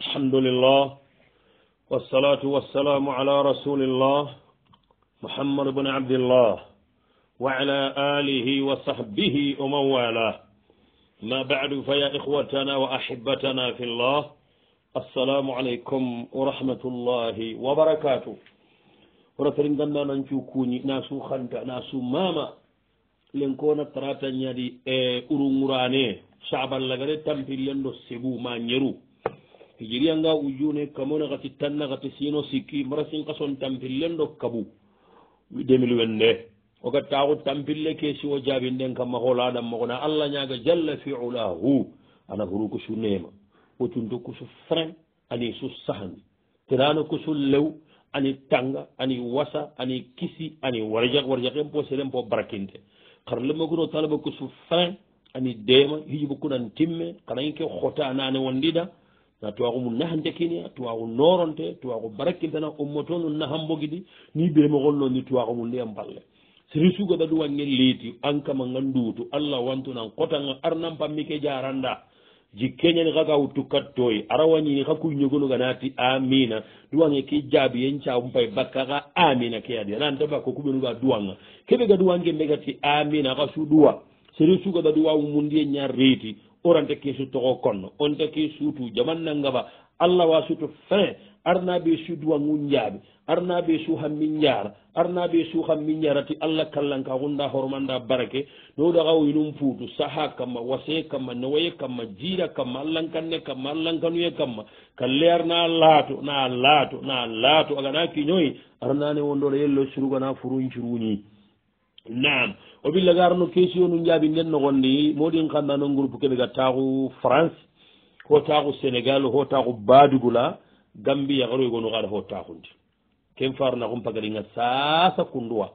الحمد لله والصلاة والسلام على رسول الله محمد بن عبد الله وعلى آله وصحبه ومن والاه ما بعد فيا إخوتنا وأحبتنا في الله السلام عليكم ورحمة الله وبركاته ورترين غنا نانشو كوني ناسو خانتا ناسو ماما لنكونا تراتا نيادي إيه، اورو مراني شعبان لغري تمبيلين دو سيبو ما نيرو hijiriyanga ujune kamona gati tanna gati sino sikki marasin kason tampillen ɗo kabu demil wende ogattaku tampille ke siwo jabinden kamma holaɗam mogona allah ñaga jalla fiulahu ana huru kusu nema wotunto kusu fren ani su sahandi tirano kusu lew ani tanga ani wasa ani kisi ani warjak warjaken po seren po barakinte karlemoguno talaba kusu fren ani dema hiji bokkunan timme kanayi ke hota nane wondida na tuwaku mu nahante kiniya tuwaku noronte tuwaku barakkiltana ummoto nahambo gidi ni ɓeemogol noon ni tuwaku mu ndiyam balle siri sugoda ɗu wange leeti an kama ngan duutu allah wantunan kotanga arnan pammike jaranda jikkeñani kaka wuttu kattoy arawañini ka ganati amina duwange ke jaabi yen cagumpay bakka ka amina ke adi ananta bakko kuɓenuga duwanga keɓe ga duwange mbegati amina ka suɗuwa sere sugoda duwa mumundiye ñar reeti oranta ke su togo konno onta ke suutu jaman nangaba allah wa sutu fin arnaɓe suduwa ngun jaaɓe arnaɓe suhanmi jaara arnaɓe suhanmi jaarati allah kallanka hunda hormanda barake nowɗakawinum puutu saha kamma wasee kamma nowoye kamma jiira kamma allahnkanne kamma allahnkanuye kamma kalleyar na laato na laato na laato aganaki ñoyi arnane wondoɗo yello surugana furuncuruñi nam o ɓilla garano question num jaabi nden nogonde moɗin kamna noon groupe kenega taku france ho taku sénégal ho taku badugula gambiya karoy gono aɗa ho takude ken farna kum pagadiga sasa kunduwa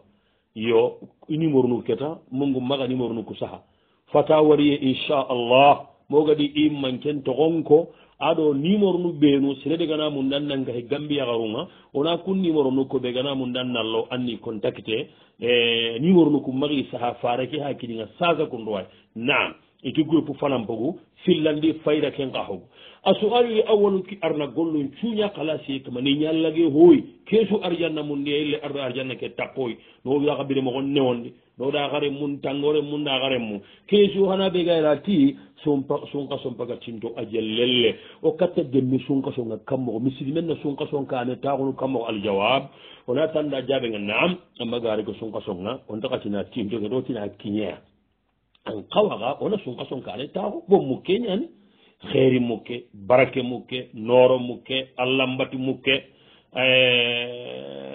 yo numéro nu keta mongu maga numéro nu kusaha fata wariye inchallah mogadi imman ken togonko aɗo numéro nu ɓeenu sine ɗegana mum ɗan nangahe gambia xarunga wona kun numéro nu ko ɓegana mum ɗan nallo anni contacté e, numéro nu ku maxi saha fareke ha kidinga sasa kunɗowa nan iti groupe fanan pogu fillandi fayda ken xa xogu a sugaru ye a wonu ki arna gollun cuña xalasi kama ni ñallage hooy ke su arianna mum ndi ille arna arianna ke taqoy no wiyaxa ɓine moxon newondi ɗoɗa hare mum tangore mum ɗa hare mum keesu hana ɓe gayra ti sumpa sunka sompaga cinto ajel lelle o katta demmi sunka songa kammoko mi sidi men no sunka songa ane tagonu kammoko aljawab ona tanda jaɓe ga nam amma gari ko sunka songa on takatina tintoge ɗo tina kiñeya an kawaga ona sunka songa ane tago bon mukke ñani heeri mukke barake mukke noro mukke allahmbati mukke e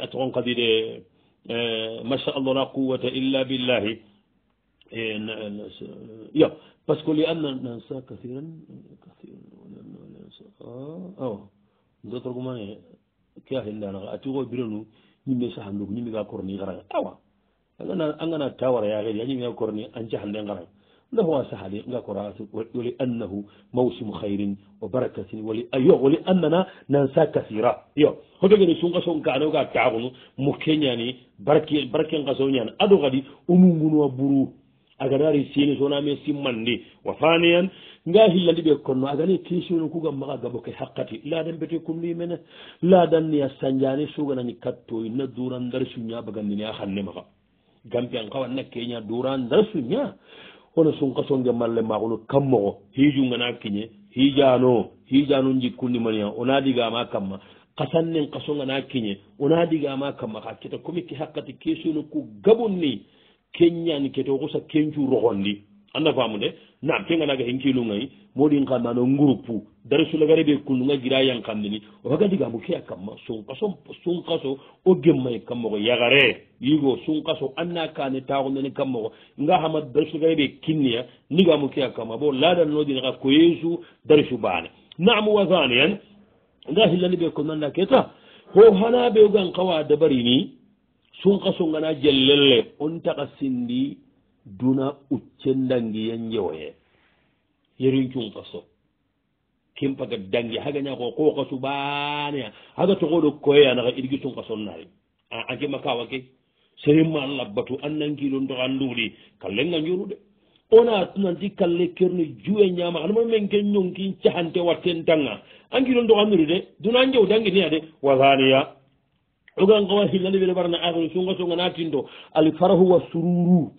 a togon kadi de Eh, machallah la quwata illa billahi eh, ya par ce que li anna nansa kahiran aw dotorgumane ke ahindanaa ati xooy biranu ñimme sahandugu ñimme ga korni xaraga awa agana tawara yaxeedi a ñimme a korni an cahande xaraga nde ho saaha ni nga koraatu woli annahu mawsimu hayrin o barakatin woli ayo woli annana nansa kacira yo hoto geni sun kaso kane oga taagunu mukke ñani barke barke kaso ñani aɗo kadi omungunuwa buru agadaari sini sonami simmandi wa faniyan nga hillandi ɓe konno agani tesino kuga maga gabo ke hakkati laadan bete kundi mene laadan niya sañjani suganani kattoy na duran darsu ña bagandini a xanne maga gampian kawa nakkeña duran darsu ña hono sun kasonge malle ma hono kammoko hijunngana kiñe hijano hijano jikkundimania ona digama kamma kasannen kasonngana kiñe ona digama kamma ha keta komi ke hakkati kesuno ku gabon ni kenñani kete o kusa kencu rohondi anda famude nam kenganaga hen kilungayi moɗin kamano groupe darsulagare ɓe kunduga gira yankamini owagandigamo keya kamma sunkaso sunkaso o gemmay kammogo yagare yigo sunkaso anna kane taxunani kammogo nga hama darsulagare ɓe kinniya nigamo keya kamma bo ladannodine xa ko yesu darsu bane nam wasaniyan nga hillani ɓe konanna keta ho hana ɓe gan kawa dabarini sunkaso ngana jellelle on taxa sindi duna uccendangiyan jewoye yerin cumpa so kimpaga dangi hagañako kuka subaneya haga togoɗo koye anaka irgi cumpa so nari akima kawa ke serinma labbatu annankiɗo dogannduɗi kallenga jurude ona tunanti kalle kerni juwe ñama anma men ke ñonki cahante watten tanga ankiɗo dogannuri de dunan jew danginiya de wasaniya ogan kawa hillaniwele barana akino cunga soga natinto alfarahu wa sururu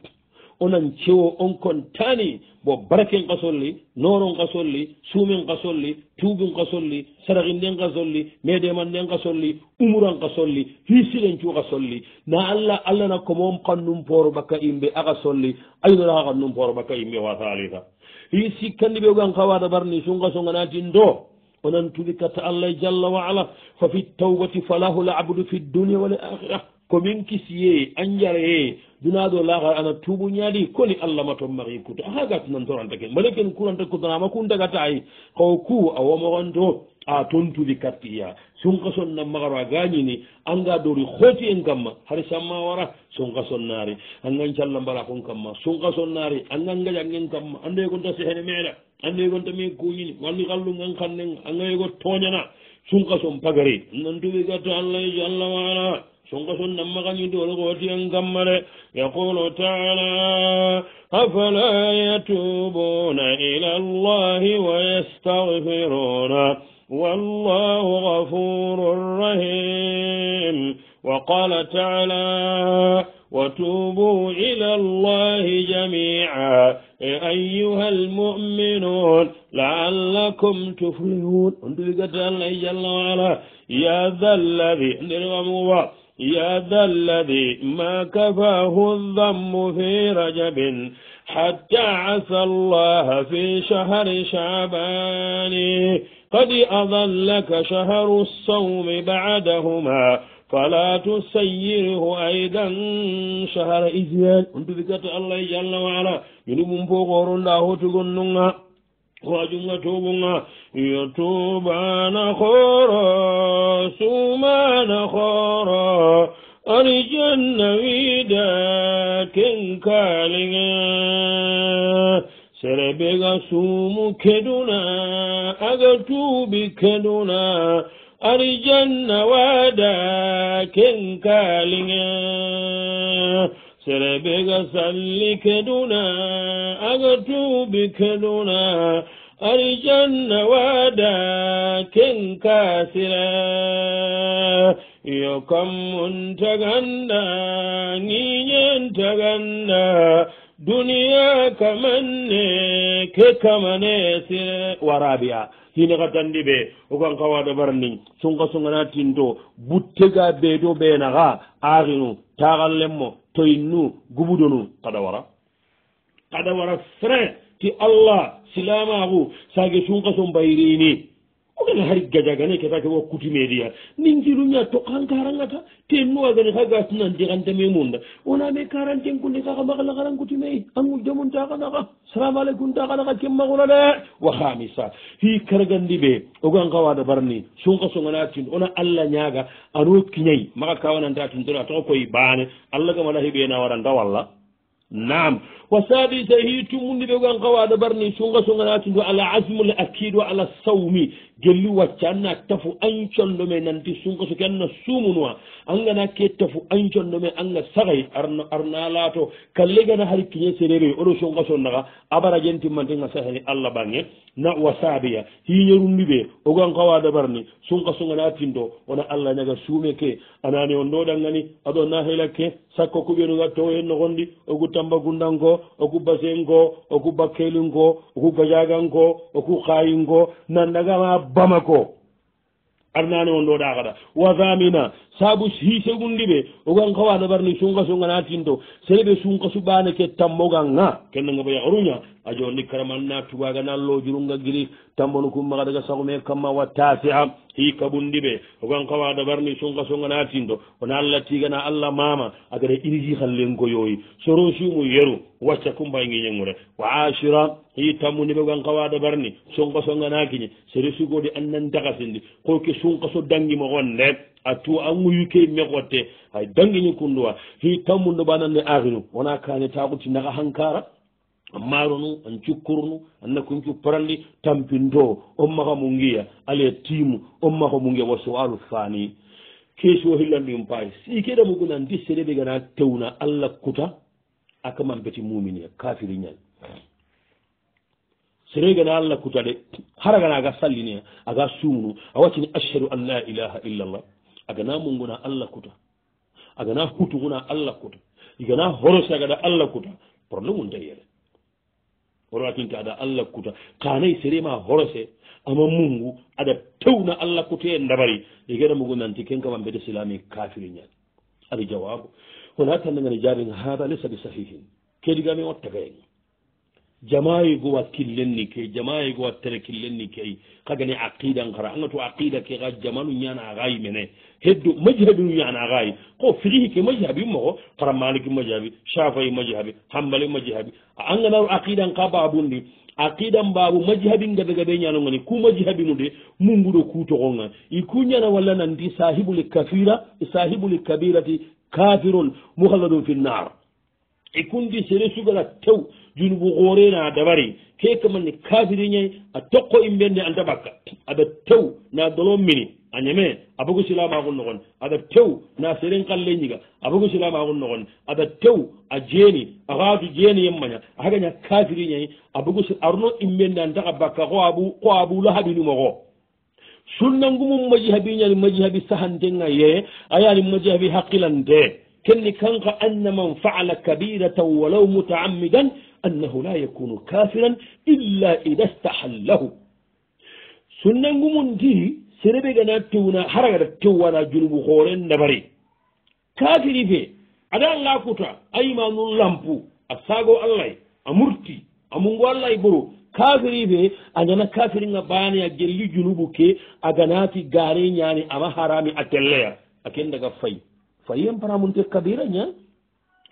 onon cewo on kon tani bo barakin kasolli noron kasolli suumin kasolli tuubin kasolli saragin nden kasolli medeman nden kasolli umuran kasolli hisilen cuu kasolli na allah allah na komoon kannum poro bakka imɓe aka solli aynoraa kannum poro bakka imɓe wata alita hisi kandi ɓe gan kawada barni sunga songanatin do onan tuɓi katta allah jalla wa ala fa fi tawbati falahu l abdu fi dunia wal akhira ko min kisiyeye anjareye dunaaɗo laagar ana tuubu ñaali koni allah ma toon marii kuto aha gat nan torantake mbele ken kuranta kudanama kundagata ay kaw ku a womoronto a tontudi kartiya sunkason na magaro a gañini anga dori hooti en kamma hara samma wara sunkason naari angan callah mbara kon kamma sunkason naari angan gajangen kamma andoye gonta sehene meeɗa andoye gonta min kuñini walli kallungan kannen angaye go toñana sunkason pagari nan tubi gatto allah allah waala سنقص النمغن يدولغ وتين انقمر يقول تعالى أفلا يتوبون إلى الله ويستغفرون والله غفور رحيم وقال تعالى وتوبوا إلى الله جميعا أيها المؤمنون لعلكم تفلحون انتو بقتل الله جل وعلا يا ذا الذي يا ذا الذي ما كفاه الذم في رجب حتى عسى الله في شهر شعبان قد أظلك شهر الصوم بعدهما فلا تسيره أيضا شهر إزيان أنت بكت الله جل وعلا يلوم فوقور الله تقنن wajunga tubunga يتوبان khoro sumana khoro suumu keduna aga tuubi keduna arijanna waada kenkaaliŋe serebe ga salli keduna aga tuubi keduna arijanna waada kenkaasire yokammun taganda ŋiiñen taganda duniya kamanne ke kamane sire warabiya hine xatandi ɓe ogan xawa ɗabarni sunga sungana tinto buttega ɓeeɗo ɓeenaxa axinu taxanlenmo toyinnu gubudonu xaɗa wara xaɗa wara frin ti allah silamaxu sage sunga sun bayirini ogene har gajagane ketake wo coutumédia min jiluña tok han karangata te nowagane ha gasnandi xantame munda ona me quarantien kunde kaxamaxalaxaran coutumé angu jamun taxanaxa salamu aleykum taxanaxa kem maxula de wa xamisa i kargandi ɓe ogan xa waada barni sunxa songana tin ona allah ñaga ano kiñay maxa kawananta tin tona toxa koy baane allah gama laxi ɓena waranta walla nam wa sadisa hi tumundi ɓe ogan xa waada barni sunxa songana tindo ala asmul akid wa ala sawmi gelli wacca anna tafu ancondo me nanti sunka soki anna sumunuwa angana ke tafu ancondo me anga sahay arna laato kalle gana hari kiñe sereere oɗo sunka so naga abarajentimmantinga sahani allah bange na wasaabiya hiñerundi ɓe ogankawa dabarni sunka songana tinto wona allah ñaga suume ke anani on ɗoɗangani aɗo na hela ke sakko kuɓenuga towe nogondi oku tambagundanko oku basenko oku bakkelinko oku gajagan ko oku kayinko nandagama bamako arnani on ɗo ɗakata wahamina saabu hiisegundiɓe ogankawa ɗabarni sunka sunga natinto sere ɓe sunka suɓane ke tammogan ga kennagaɓa yaruña a joni karamanna tubagana lojurunga guili tambonu kum maxa daga sagume kamma wa tasiha hika ɓundi ɓe ogan kawa dabarni sunga songana tindo ona allah tigana allah mama agada irigi xallenko yoyi sorosumu yeru wacca kumbaingiñengure wa ashira hi tammuni ɓe ogan kawa dabarni sunga songana kiñi seri sugodi annan taxasindi koyke sunkaso dangimo xonde a tu a guyuke mexote ay dangiñi kunduwa hi tammu ndoɓananne axinu wona kane taxuti naxa hankara maaro nu an cukkor nu annako cukkorandi tampinto on maha mu ngiya ala e tiimu on maha mu ngiya wa soalu fani keso hillandi um paayi si keɗa muguna ndissede ɓe gana tewna allah kuta akaman beti mumini a kafiri ñal sere gana allah kuta de hara gana aga sallini a aga sumunu a waccini ashhadu an la ilaha illallah agana munguna allah kuta agana hutuguna allah kuta igana horose agada allah kuta probléme undayyere horatinta aɗa allah kuta kanayi sérima horose ama mungu aɗa tewna allah kute e dabari e geɗa mugu nanti ken kama mbeɗe silami kafiri ñal aɗa jawabu wona tandagani jaabi haaba lesa bi sahihin kedigamin ottaka en jamayi go wa killenni ke jamayi go wa tere killenni ke kagani aqida ngara anga to aqida ke ga jamanu nyana agayi mene heddo majhabi nyana agayi ko fihi ke majhabi mo qara maliki majhabi shafi majhabi hambali majhabi anga na aqida ngaba babundi aqida babu majhabi ngada gabe nyano ngani ku majhabi mude mungudo kuto gonga iku nyana wala nan di sahibul kafira sahibul kabirati kafirun mukhalladun fi nar e kundi sere sugala tew junubu koorena dabari ke kamanni kafiri ñayi a tokko imbende anta bakka aɓa tew na dolon mini a ñame a bogu silamagun nogon aɓa tew na seren kalle ñiga a bogu silamagun nogon aɓa tew a jeeni a xaatu jeeni yem maña a hagaña kafiri ñayi a bogu arno imbende antaxa bakka ko abu ko abula haɓinumoxo sunnangumu maji habiñani maji habi sahantenga ye ayani maji habi haqilante kelli kanka anna man faala kabiratan walaw mutaammidan annahu la yakunu kafiran illa ida stahallahu sunnangumundi serebe gana tewna hara gada tewwana junubu hooren dabari kafiri fe ada nga kuta aimanu lampu a sago allah a murti amungu allah boro kafiri fe agana kafiri nga bani a gelli junubu ke aganati gare ñani ama harami a telleya aken daga fay fayiyen paramunte kabira ña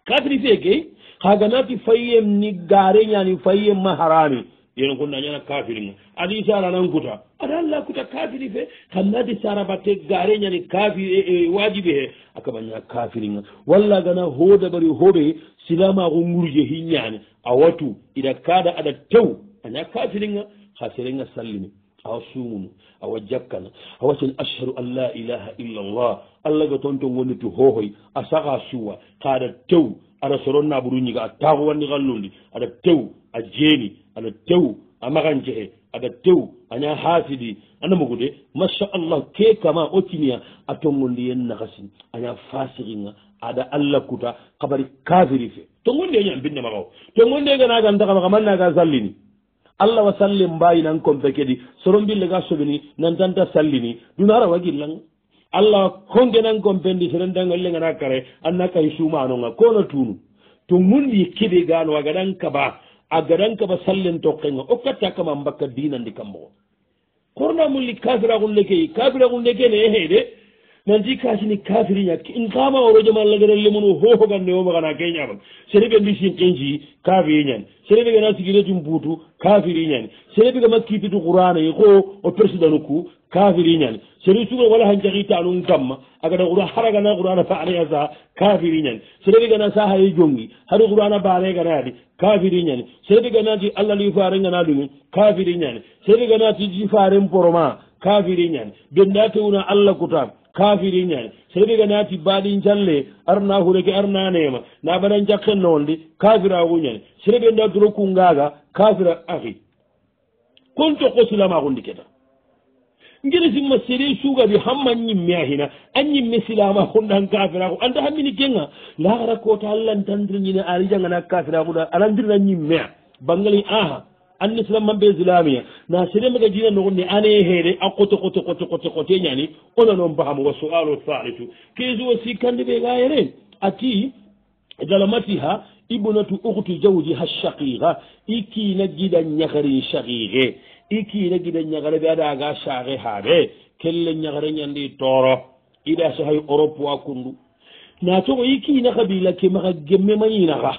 kafiri fe gey haganati fayiyen ni gare ñani fayiyen ma harami yeno kon dañana kafiri mo adi sara nan kuta aɗa alla kuta kafiri fe kannati sarabatte gare ñani kafi e, e, wajibi he aka baña kafiri ga walla gana hoodabari hoɓe silamako gurje hiñani a watu iɗa kaada aɗa tew aña kafiri ga ha serega sallini awa sumunu awa jakkana awatin ashhadu an la ilaha illallah allah ga ton ton wonditu hohoy a saka suwa kaada tew aɗa soron naɓuru ñiga a taakuwanni kallundi aɗa tew a jeeni aɗa tew a makancehe aɗa tew aña haasidi anda mogu de masha allah ke kama o ciniya a tongondi yen nakasin aña fasikinga aɗa allah kuta kabari kafiri fe tongondi eñan binne makao tongondi e ganagan takama kamannaga sallini allah wa sallin mbawi nan kompe kadi soro mbille ga soɓini nan tanta sallini duna ara wagillan allah honge nan kompendi seren dangolle gana kare anna kay sumanonga kono tunu to mundi kiɓi gano agaɗan kaba agaɗan kaba sallin tokkenga o katta kama mbakka dinandi kammogo korna mulli kasiragunde keyi kasiragunde kene ehe eh, de nanti kasini kafiriña inkama orojom allah gerelle mun o hohogande omo kana keñaman sereɓe ndi sin qinci kafiriñani sereɓe gana sigiretum butu kafiriñani sereɓe gama kipitu qurana yi ko o persidanukku kafiriñani sere sugol wala han jakitanum gamma agata qura haragana qurana baareya sa kafiriñani sereɓe gana sa haye jongi haɗi qurana baareganaadi kafiriñani sereɓe ganati allah li fare gana ɗumen kafiriñani sereɓe ganati ji faren poroma kafiriñani benda tewna allah kutam kafirinñani seeɗiga naati baaɗin jalle arna hureke arnanema naɓaɗan jakken noonde kafiraguñani seeɗiɓe nda duro kungaga kafira ahi kon cokko silamagundi keta ngiri simma seeɗe sugadi hamma ñimme ahina an ñimme silamagundan kafiragu anda hammini kenga lahara kota allahntandiriñine alijangana kafiraguɗa aɗandirina ñimmea bangali aha ah. an islam man ɓe islamia na sedemaga jina nogo ne ane heere a qote qote qote qote qote ñani ona noon baamo wa soalu salitu keesu wa sikkande ɓe ga here ati galamatiha ibnatu ukhtu jawdi ha shaqiqa i kiina giɗa ñakarin shaqiqe i kiina giɗa ñakare ɓe aɗaga saaxe haaɓe kelle ñakare ñandi tooro iɗa so hay europe wa kundu na togo i kiina kabila ke maxa gemme mayinaxa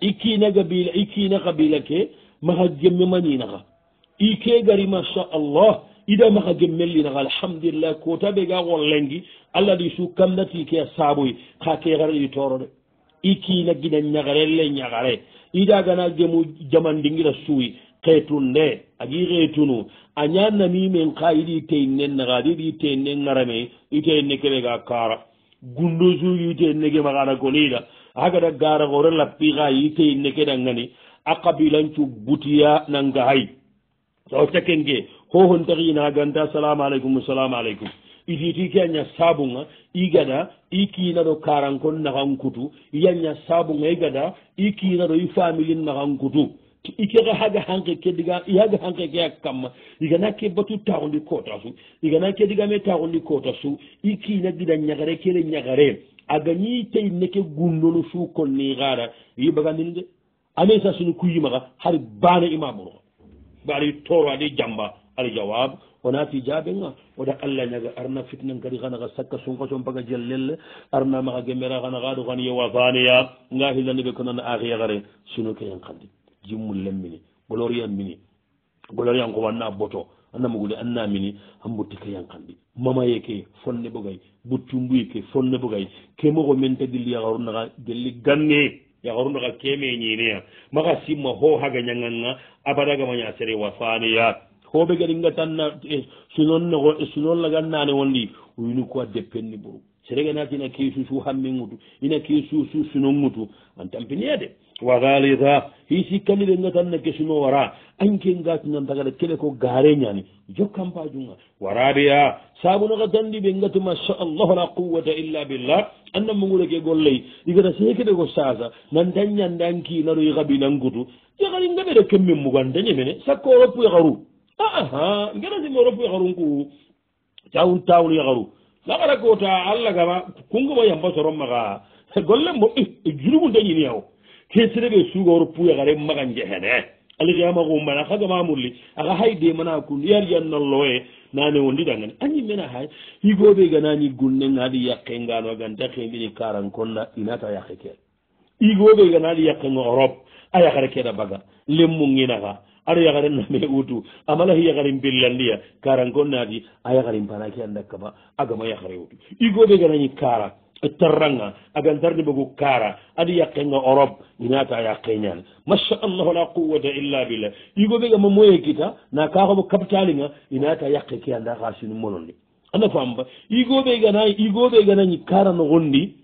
i kiina gabila i kiina kabila ke maxa gemmemaninaxa i ke gari masha allah ida maxa gemmelinaxa alhamdulilah koota ɓega xon lengi allah di su kamdati ke a saaboy xa ke xareɗi toorode i kiina gina ñaxare le ñaxare idagana gemu jamandingira suuy xeetun de agi xeetunu a ñaa namimen xa idi teyin ne naxa di di teyin ne ngarame i teyin ne keɓega kaara gundo suugi i teyin ne gemaxana goniida a gada gaara xore lappi xa i teyin ne keɗa ngani a qabilancu butiya nanga hay to cakenge hohon tarinaganta salamu aleykum salamu aleykum ititi keaña sabunga igada i kiinaɗo karankon naxan kutu yaña sabunga igada i kiinaɗo i familin naxan kutu ikexe haga xanke ke diga ihaga xanke ke a kamma igana ke batu taxundi kootasu igana ke digame taxundi kootasu i kiina gida ñaxare kele ñaxare a gañi tayneke gundonu su konni xaara i bagandini de amen sa sunu kuyimaga har bana imamuroga baaray toro aɗa jamba ala jawab wona fi jaɓenga oɗa allah ñaga arna fitnan kadi xanaxa sakka sunka son paga jellel arna maxa gemera xana xaɗo xan yewa faneya nga xilanaɓe konana axiyaxare suno keyen xandi jimmulen mini goloryan mini goloryan xowanna boto anna mugule anna mini an butti keyen xandi mamaye ke fonne ɓogay buttumbuye ke fonne ɓogay ke moxo menta dilliyaxaru naxa gelli ganne ya horunoka kemeñiniya maga simma ho haga ñaganga abadagamaña sere wasaniya hoɓe gadi gatanna eh, sinonnoo eh, sinonlagannani wondi oyini koa deppenni boru sere ganatina ke susu hammin gutu ina ke susu sinon gutu an tampiniya de wa galida hi si kamile nga tan ne kesuno wara anke ngati nan tagada kele ko gare nyani jokkam pa junga warabiya sabuno ga dandi be ngatu ma sha Allah la quwwata illa billah anna mo ngure ke gollei igara se kede ko sasa nan danya ndanki na ro yabi nan gutu ya gari ngabe de kemme mu gande nyeme ne sakko ropu ya garu aha ngena si mo ropu ya garu ngu tawun tawun ya garu lagara ko ta Allah gaba kungu mo yamba soromma ga golle mo e eh, eh, jurugunde nyini yawo hesireɓe sugoro puya gare magan jehene alkiyama gumana kagama mulli aga hayde mana kun yaryannalloye nane wondiɗangani ani mena hay igoɓe ganani gunne gaadi yakkengano ganta kebini karankonna inata yakke keɗa igoɓe ganaɗi yakkengo europe a yakare keɗa baga lemmuginaga aɗa yakare name utu amalahi yakarin billandiya karankonnaati a yakarin panake andakkama agama yakare utu igoɓe ganani karak tarranga aga darde ɓogo kara aɗa yaqenga europe inata a yaqeñan machallahu la quwata illa billah igo ɓega ma moye kita na kakoɓo capitalinga inata a yaqe ke anda ha sinu mononi ana famba igoɓe gana igoɓe ganañi kara no gondi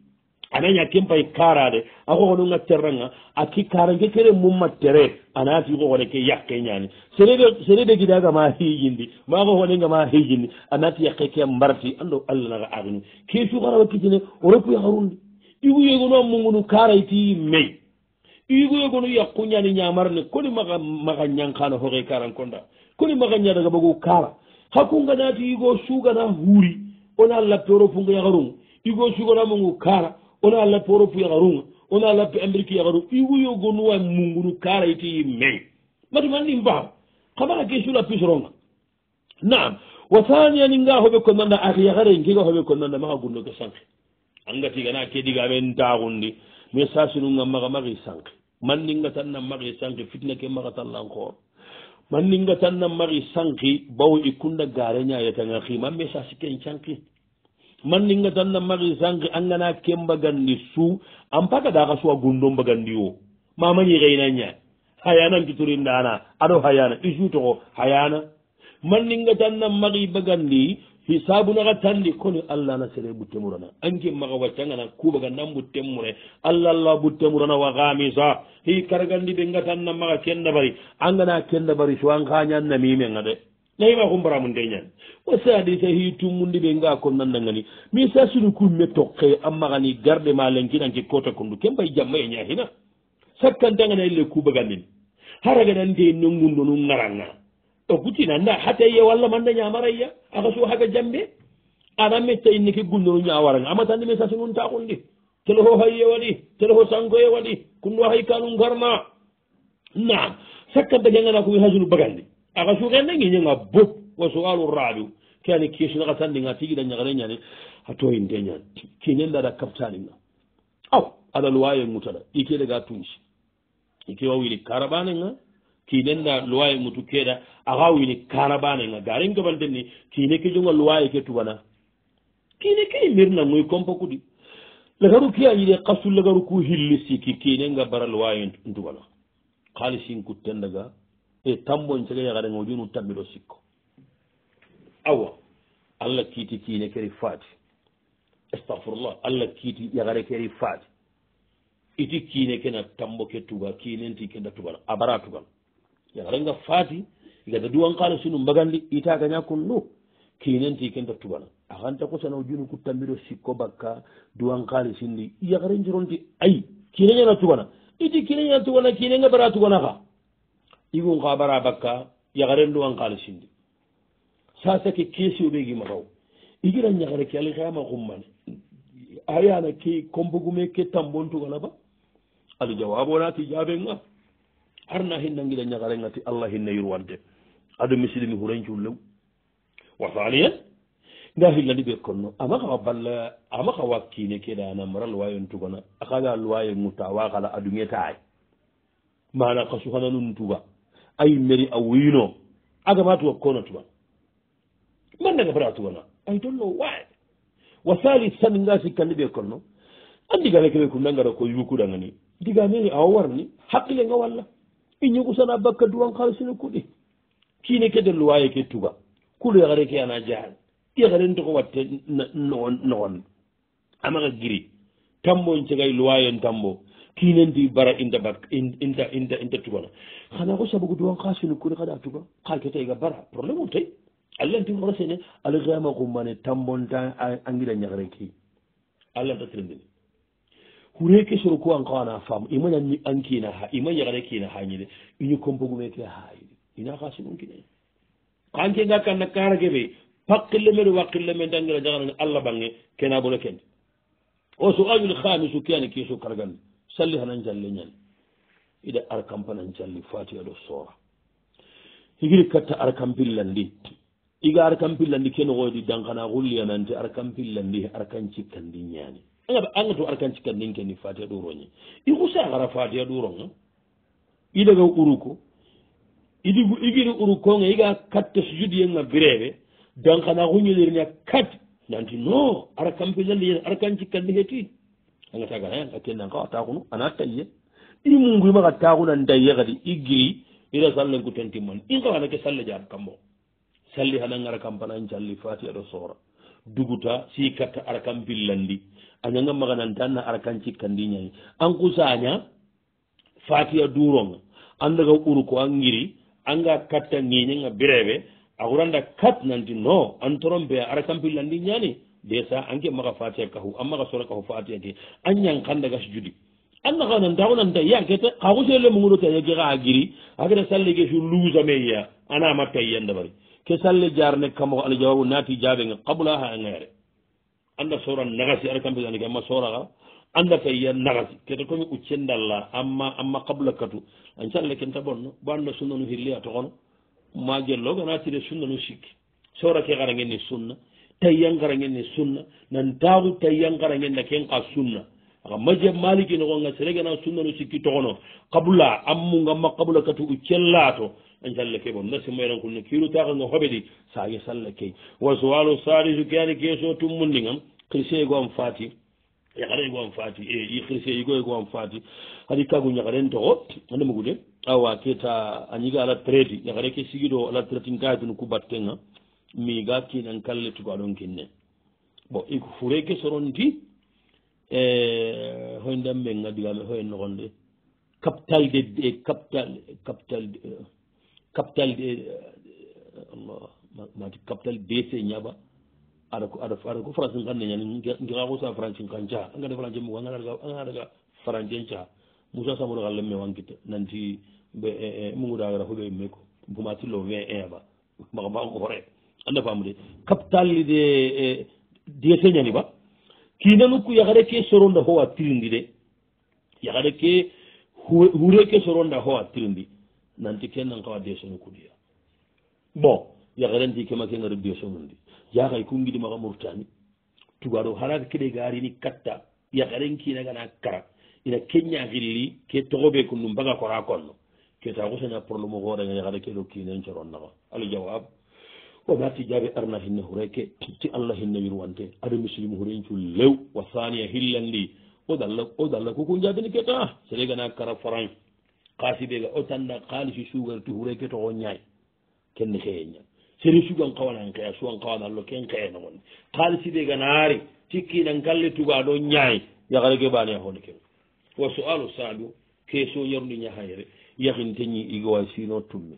anaña kin pay karade a xoxonunga terranga a ki karanke kene mumma tere anati xoxone ke yaqe ñani serede gidagama xijindi ma xoxonengama xijindi anati yaqe ke mbarti ando allah naxa axinu ke sukaraba kitine o repu yaxarundi igu yegunu a mungunu karay ti mey igu yegunu yaqu ñani ñamarane koni maxa maxa ñangkano xoxe karankonda koni maxa ñadaga bago kara xakunga nati igo sugana xuri ona lapte oro funga yaxarungu igo sugana mungu kara ona alla poropu yakarunga ona alla pe amérique yakaru i wuyogonuwa mungunu kara ite yi meñ matumandi mbam kabaka kesula pisoronga naam wa thaniani nga hoɓe konnanda ak yakare nkega hoɓe konnanda maxa gunnoke sanke angatigana keɗigamen taxundi mais sasinunga maxa maxi sanke manninga tanna maxi sanke fitna ke maxa tallan xoor manninga tanna maxi sanki bawo i kunda gareñayetanga xima mais sasi ken canki manninga tan na mari sangri angana ken mbaganni suu an paka daka suwa gundo mbaganndi o mamañi reynaña hayana nkitorindana aɗo hayana isutoxo hayana manninga tan na mari baganndi hisabu naxa tandi koni allah na sere buttemurana anke maxa waccangana kubagandan buttemure allah allah buttemurana wa hamisa hi kargandi ɓengatan na maxa kendabari angana kendabari sowan xañan na mimenga de layiɓa ko mbaramu ndeñani o saadi sa hi tummundi ɓe nga ko nandagani mi sa sunu kumme tokke ammagani garde ma lenkiɗanke kota kondu ke mbay jamma e ñahina sakkantagana elle kubaganin haragana ndeno gunno nu garanga o gutinanda hataye walla manda ñamaraya aka su haga jambe ana metta inneke gunno nu ñawaraga amatandi mi sa sununta kondi tel ho haye waɗi tel ho sanko ye waɗi kunno hay kanu garma na sakkantagegana komi ha sunu bagandi axa suxe nangiñanga bo wa soalu rabi keani kesinaxa tandinga tigida ñaxane ñani a toyinte ñan kiñen lada kaptaninga aw ala loye ngutala ike daga tunsi ike wa wini karabanenga kiinen da loye ngutu keeda axa wini karabanenga garin gabanten ni kiine ke jonga loye ke tubana kiine ke imirna ngoy compakudi lagaru ke añide kasu lagaru ku hilli siki kiinenga bara loye ntubana xalisin kutten daga e tambon sege yagarego jonum tammiɗo sikko awa allah kiiti kiine keri faati estahfirullah allah kiiti yagare keri faati iti kiine kena tambo ke tuga kiinenti keda tugan abara tugan yagarenga faati igata duwankaalo sinum mbagandi itaganya kunndu kiinenti kenta tugana aganta kosana junu ku tambiro sikko bakka duwankaali sindi yagarenjoronti ayi kiinenyana tugana iti kiinenyana tugana kiinenga bara tugana ka igun kabara bakka yakarenduwan kalisindi sasake kesi obegima kaw igira yakare ke alkiyama kummane ayana ke kombugume ke tambontugalaba ali jawabonati jabenga harna hinnangida yakarengati allah hinna yurwante adu misilimi hurencullew wa thaniyan nda hillani ɓe konno ama kawa balla ama kawa kiine keɗa namara lowayon tugana akaga lowaye ngutta wa kala aduŋeta ay mana kasuhananun tuga ay mairi a wiino agamatuwa kono tuma mandaga bara tugana ay donno way wa sali saninga sikkandi ɓe konno an ndigane keɓe kum nangara ko yukuɗanga ni ndiganeni awa warni haqqilenga walla i ñugusana bakka duwan halisine kuɗi kiine ke del luwaye ke tuga kulu yaxare ke ana jaan yaxaren toko watte noxon noxon amaxa giri tambo ncegay luwayen tambo tinendi bara inda bak inda inda inda tugona xana ko sabugu duwan xa sunu kuni xada tuga xa keta yega bara probléme o tay allah nti xora sene al xema xumane tambonta a ngira ñaxren ki allah nta tirendini xure ke soro ku anqa ana faamu imaña an kina xa ima ñaxre kina xa ñide uñu compogumeke xaayidi ina xa sunun kine xankenga kanna karage ɓe paqille mene waqille men da ngira jaxarani allah bange kena bono kendi o su añul xamisu keani kesu kargandi salli hanan jalle ñani iɗa arkampanan calli fatiya ɗo soora higiri katta arkampillandi iga arkampillandi kenoxoyedi dankana xulliyanante arkampillandi arkan cikkandi ñani agaɓe anga to arkan cikkandin keni fatiya ɗuroñi i xusay xara fatiya ɗuronga i daga uruko idi igiri urukonga iga katta sujudiyenga bireɓe dankana xuñelirina kat nanti no arkampillandi ñani arkan cikkandi heti anga taga hen ta kennan ko ta kunu ana tayye i mungu ma ta kunan tayye gadi igri ila sallan ku tanti man in ko ana ke salla ja kambo salli hanan ngara kampana jalli fatiha do sora duguta si katta arkan billandi anyanga maganan tanna arkan cikandi nyai an kusanya fatiha ya durong an daga uruko an ngiri anga katta aku birebe aguranda kat nanti no antrombe arakan arkan billandi nyani desa anke maxa fatiya kahu an maxa sora kahu fatiya ke an ñang xan daga sujudi an naxa nantaxunanta ya kete xa xusele mugunota ya kexa giri akete salle ke su lusameya ana ma paye ndabari ke salle jarne kamo ala jawabu nati jabenga qablaha angere anda sora nagasi ara kampe anke ma soraxa anda paye nagasi kete comme uccendalla amma amma qabla katu an salle kenta bonno bo anda sunna nu hilli a toxono ma gelloga natide sunna nu sikki sora ke xara ngeni sunna tayyankarangenne sunna nan taaku tayyankarangenna kenka sunna aga majeb maliki nogonga seregena sunna no sikki togono kabula ammungamma kabula kati uccellaato an calle ke bon nasi mayran kulne kiiru taakanga hoɓedi saage salla key wa sowalu salisu keani keeso tummundingam krise go am faati yakaren go am faati e i krise yigo e go am faati hadi kagu yakaren togo andemugude awa keta a ñiga ala traite yakare ke sigi ɗo ala traite nkaytun ku battenga miga kiɗan kallettugo aɗon kinnen bo iko fureke soronti e hoy ndem men gaddigame hoye nogonde capital de de capital capital capital e, de allah mati capital dc ñaba aɗa aɗa ko france ganne ñani gixa kosa francin kan caha angade france mug angaaga angaaga francin caha moussa samoro xa lemme wankita nanti be e, e, mugudagara hoɓe me ko bumatillo vingt un ba maxa maxa ko horee anda famude kaptallide diyeteñani ba kina nukku yahare ke soronda howa tirindi de yahare ke hure ke soronda howa tirindi nanti ke nan kawa desonukudiya bon yahrenti kema ke ngaru desonundi yahay kungidi maga murtani tugaɗo haraka keɗe garini katta yahren kinagana kara ina keña xilli ke toxoɓe kunu mbaga kora konno ke ta xusana probleme oxorega yahare ke ɗo kinen coronnaxa alo jawab o naati jaabi arna hinne horeke titti allah hinne wirwante ada musilim horen cu lew wa saniya hillan li oo dalla kokon jaadini keta sereganaa kara faran kaasiɓega o tanda kaalisi sugar ti hureke toxo ñaay kenne xeeña sere sugan qawanan xea sugan qawanallo ken xeenamon kaalisi ɓeganaari cikkinan kalle tugaaɗo ñaay yaxareke baaneya hone ken wa soalu sadu keesoñarndi ñaxayere yaxinteñi igawa sino tummi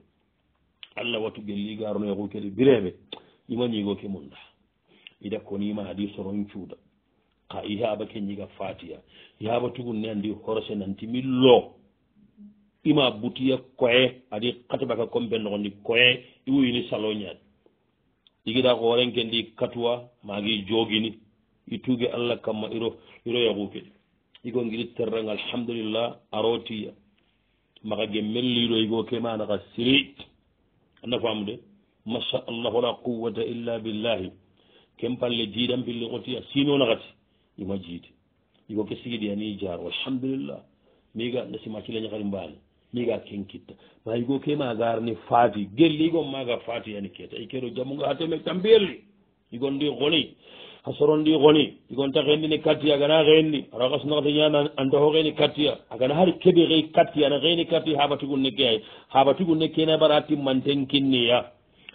allah wattu gelligaruno yogo e kedi bireɓe ima ñigoke munda ida konima adi soron cuuda ka ihaaba ke ñiga fatiya yaaba tugun ne andi horose nanti mi lo ima butiya koye adi katabaka comme nogondi koye iwuyini saloñaat igida koorenkendi katuwa maagi joogini ituge allah kamma iro iro yogukedi igo ngiri terrang alhamdulillah arotiya maga gemmelliɗo igo ke manaka sirit nafaamu de masallah wala quwata illa billahi ken palle jiidan pille oti a siinoo nakati ima jiide iko ke sigidi ani jaar alhamdulillah miga nda simacileñi xari mbaani miga ken kitta ma yigo ke magarani faati gelli igon maga faati ani keeta i keeto jamu nga xa temek tan mbiyelli igon ndi xoni a sorondi goni igonta xendini kattiya agana xendi araxa sunaxati ñana antoxo xeni kattiya agana har keɓe xey kattiya na xeni katti xabatigunne ke ay xabatigunne kena bara timmanten kinniya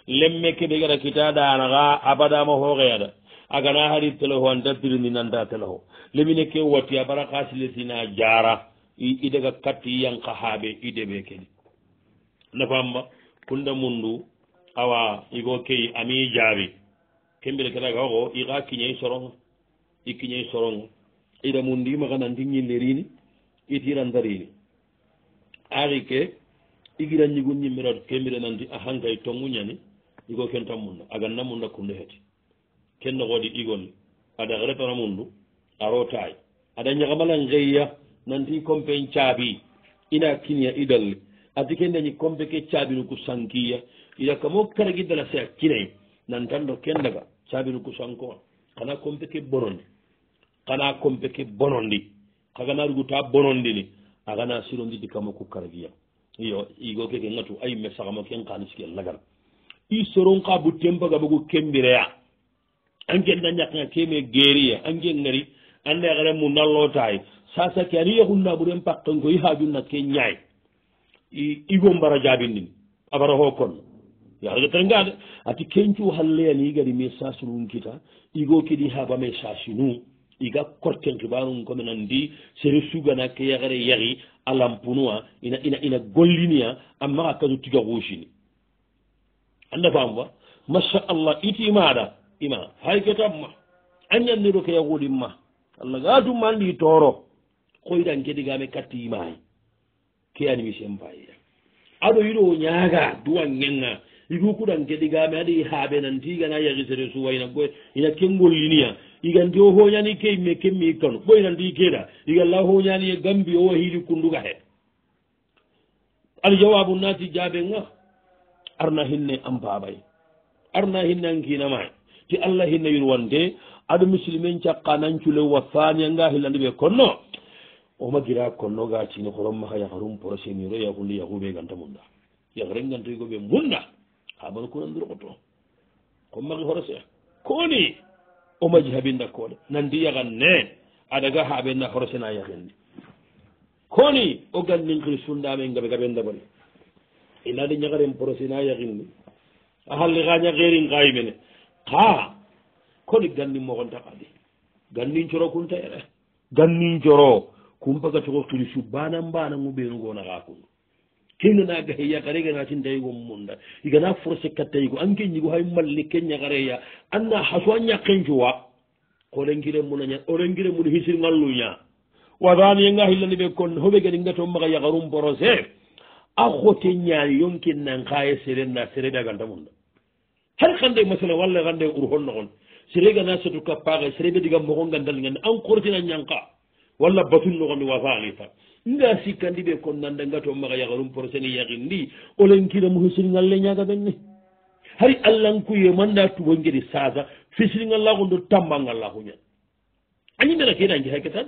lemme keɓe gara kita danaxa abadama xooxeyada agana hari telefo anta tirindi nanta telefo lemine ke wattiya bara xasiletina jara i daga katti yanka xaɓe i deɓe kedi nafamba kunda mundu awa igo key ami jaabi kembele kata ga ko i ga kiñayi soronga i kiñayi soronga ida mun ndi maga nanti ñillerini itirandarini ari ke igira ñigun ñimmiratu kembire nanti a hankay tongu ñani igo kentan munna aganna munna kunde heti kenno godi igolle ada retana mundu aro taay ada ñagamalan geyya nanti compen caabi ina kinya idalle ati ken ni kompe ke caabinu ku sankiya ida kamo karagi dala sea kinayi nantan do ken cabiru kusankoon kana compe ke bonondi kana compe ke bonondi kagana ruguta bonondi ni agana sirondi dikamo ku karagiya iyo igo keke ngatu ay me sagamo ke nkani sike lagana i soron ka bu tempa ga bugu kembireya anke nda nyakna keme geriya anke ngari ande gare mu nalotay sasa ke ari yahun na buren pakko ngoy hajun na ke nyaay i igo mbara jabindin abara ho konno yaregetere ngade ati kencu halleyani igadi mi sasnunkita igo kidi haɓame sasinu iga korten kibanum komi nandi sere sugana ke yagere yagi alampunua ina ina ina gollinia ammaa kadu tiga husini anda famba masha allah iti maɗa ima hay ketamma añanniro ke yagulimma allah gatumandi toro koyɗan kedigame katti imayi ke animi sen mbayya aɗo yiɗo ñaaga duwa ngenga iruukuɗan geɗigaame aɗa haaɓe nanti igana yagisere suwa ina ɓoy ina kengol linia iganti o hoñani key mais kemmi kano ɓoy nanti keeɗa igalla hoñani e gambi owa hiiɗi kunduga he aljawabu naati jaaɓen ga arna hinne an baabay arna hinne an kiinamae ti allah hinne yurwante aɗa musilmen cakka nancule wa faani anga hillandi ɓe konno oma gira konno ga tiini horon maha yakarum porosenuro yahunde yahuɓe ganta munda yakren gantoygoɓe munda habaru kunanndiro ko to kon magi hoto see koni o maji habinda kode nandi yagan ne adaga ha ɓenna horosena yagenni koni o gandin kiri sundamen gaɓe gaɓendabari inadi ñagaren porosena yaginni a halli ha ñageerin kayi mene ka koni gandin mogonta kadi gandin coro kunta ere gandin coro kumpaga coko kiri su banan banan uɓen gona ka kunu tenanaga he yagarega natin day wom munda igana forcé kattayi ko anke ñigo hay malli ke ñagareya anna ha so a ñakken cuwa orengire muna ña orengire mun hisir ngallu ña wadani nga hillani ɓe kon hoɓe gadi ngato maga yagarum procé a xote ñaan yonkin nang xaye sere na sere ɓeganta munda har xande masala walla xande ur hon noxon sereegana setuka paaxe sere ɓe diga moxo ngandal ngani an kortina ñangqa walla batun noxondi wasa alita nda sikkandi ɓe kon nanda ngato maga yagarum poro seni yaginndi olen kira mo hesiringal le ñaga ɓen ne hay allankuye manda tubongedi sasa fesiringal lako ndo tambangal lako ñan ani mbena keeɗa ngi hake tan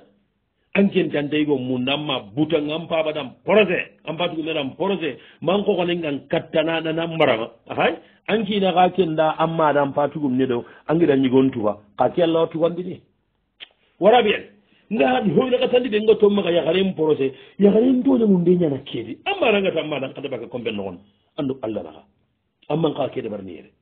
anken tan tawigo mu namma butan an pabaɗan projet an mbatugo meɗan projet man kokonengan kattanaɗana mbarama ahay ankina ka kenda an maɗan patugum ne ɗo angiɗa ñigon tuba ka ke allah wattugandi ni warabien nga haɗ howiraka tandi ɗe nga tommaka yakarem projet yakarem dole mum de ñana keede ammarangata mbaɗan kada baka comben noon andu allah raha amman ka keede mbarniyere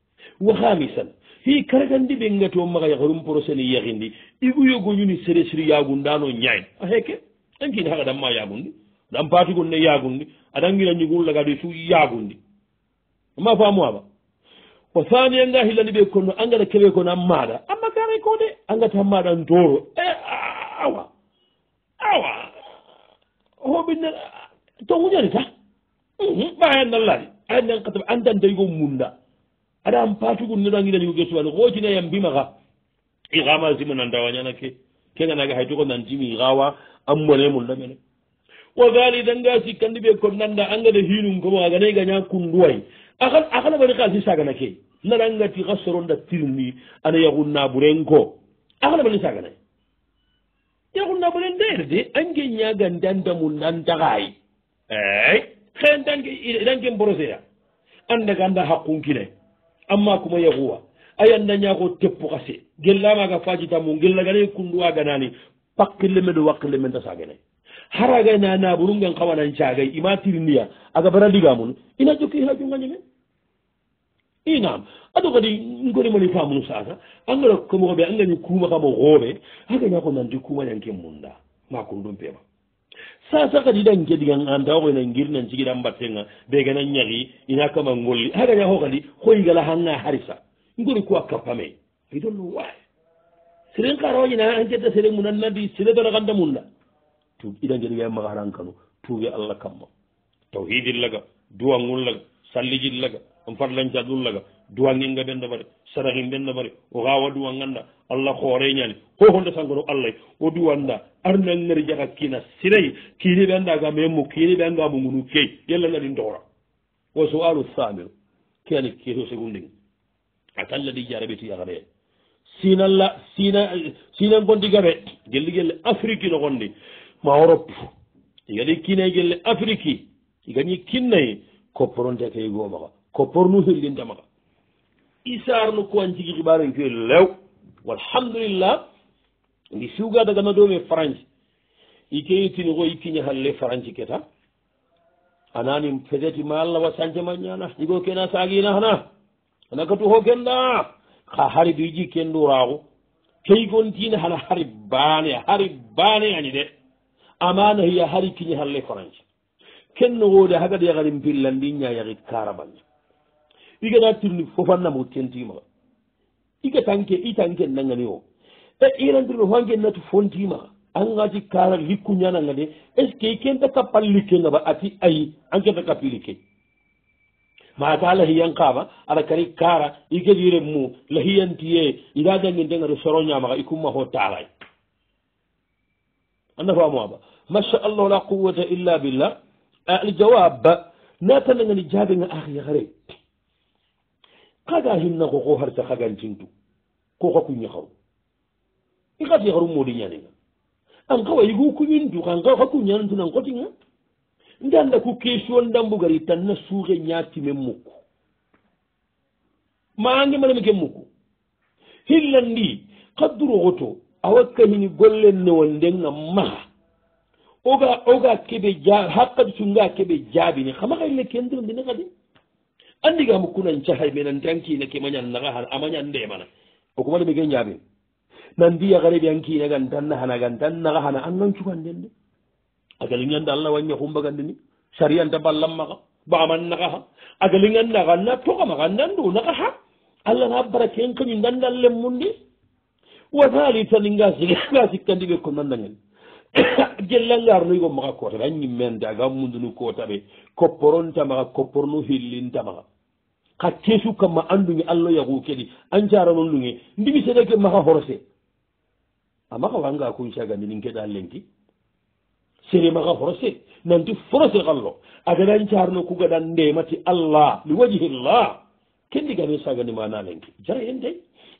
wahami san hi karagandi ɓe ngati on maka yakarum projet ni yakindi iɓuyogoñuni sérésiri yagundano ñay a heke ankini haka danma yagundi aɗan patigon ne yagundi aɗan gina ñigurlagaɗo su yagundi ma famoaba o saniyanga hillandi ɓe konno angata keɓe kono an maɗa amma kare ko de angata maɗan toro e a awa awa hoɓinne to wuñani ta ma hennallaadi aɗen kata andan dawigo munda aɗa an patugol neɗoanginanigo gue subana hootina yam bimaxa ixama simo nandawañanake kenganaga haytoko nan jimi ixawa an mone munda mene wa galidanga sikkandi ɓe kom nanda angada hinum komo aganayi gaña kunduway axan axanaɓani xaalisi saganake narangati xa soronda tirni ana yaxunna ɓurenko axanaɓani saganayi yaku nabale ndeere de ange ñaaga ndandamu nandaxaay ey xee dange brose a andaga anda xaqunkine amma kuma yaxuwa ayanda ñaako teppu xase gellamaaga fajitamu gellagane kunduwaganani paqilemen waqilemen tasagene haragay na naburungen xawanan caagay ima tirindiya aga bara digamun ina jokki xajunga ñemen inam eh, aɗo kadi gonimani famunu sasa angara komokoɓe angañi kuma kamo hoore hagaña ko nandi kumañanke e munda makum ɗum pema sasa kadi iɗan geɗigan anda okoyna girnan cigiɗan mbattega begana ñaki ina kama golli hagaña ko kadi hoygala hanga harisa gori kuwa kappame idollu way seren karawañina anketta seren mun annadi sere dona kanda munda tu iɗan geɗiga maga harankanu tuuɓe allah kamma tawhidillaga duwa ngullaga salliji llaga on fatlañca ɗum laga duwangenga ɓenda bare sarahin ɓenda bare o hawa duwa ganda allah hooreñani ho honde sangoto allah o duwanda arnanner jaka kina sirey kini ɓendaga memmo kini ɓenga mumunu key yellan aɗin dora o sowalu samir kiyani keto segundin atalladi jarabeti yahare sinalla sina sina gondigaɓe gelli gelle afrique no gondi ma europe igadi kinay gelle afrique igañi kinnayi ko pronte kay gomaga ko pornu hellindemaga isarnu kowan jigi xibaren ke lew walhamdulillah ndi siwga daga nadome france ike yitini xo ikiña halle france keta anani fedeti maalla wa sancema ñana jigo kena sagina xana anakatu xo kenda xa xari du jig ken duraxu key gontine xana xari baane xari baane ani de amanaxiya xari kiñe xalle france kennoxode xagadexarimpillandi ñayaxi carabane igana tirni fofan namo kentimaa iga tanke i tanke nangani o e irantirno hoange natu fontimaa angaji kara likkuñanangade est ce que i kenta kappal likke ngaba ati ayi an kenta kappi likke ma ta lahiyankaba aɗa kari kara igadiren mu lahiyantiye ida dangindengade soroñamaa i kumma ho taray annafamoaba machallahu la quwata illa billah aljawab natanangani jaabenga ahyahare xaga hinnako ko harta xagantintu ko xa kuñi xaru i xati xaru moodi ñaninga an xa wayigu kuñintu xan xa xa kuñanantu nan xotinga nde anda ku question dambugari tan na suuxe ñaatimen mukku maange mana meken mukku hillandi xa duroxoto awakka hini gollen newon ndenga maxa oga oga keɓe ja haqqat cunga keɓe jaabini xama xa ille kentirondine xa de andi gamo kunan cahay menan dankina ke mañan naga han amañan ndemana o kuma ɗeɓe ge jaabi nan diya gare ɓe ankina gan danna hana gan dannaga hana angancugan den de a galiganda allah wanña xumbagande ni sarianta ballanmaxa baman naga ha a galiganda ganna togama gan dandu naga ha allah na bara kenkañu dandan len mundi wasalita ninga siga sikkandi ɓe ko nandagen gellangarnoygo maxa kootaɓe a ñimmente aga mundunu kootaɓe kopporontamaxa koppornu hillintamaxa ka keesu kamma anndungi allah yahu kedi an caranon nduge ndimi sedeke maka horse ama ka wanga kun cagandi nin keɗa lenki sere maka horse nanti forose kallo aganan carno kugadan ndemati allah li wajihillah kendigane cagandi mana lenki jara yen dey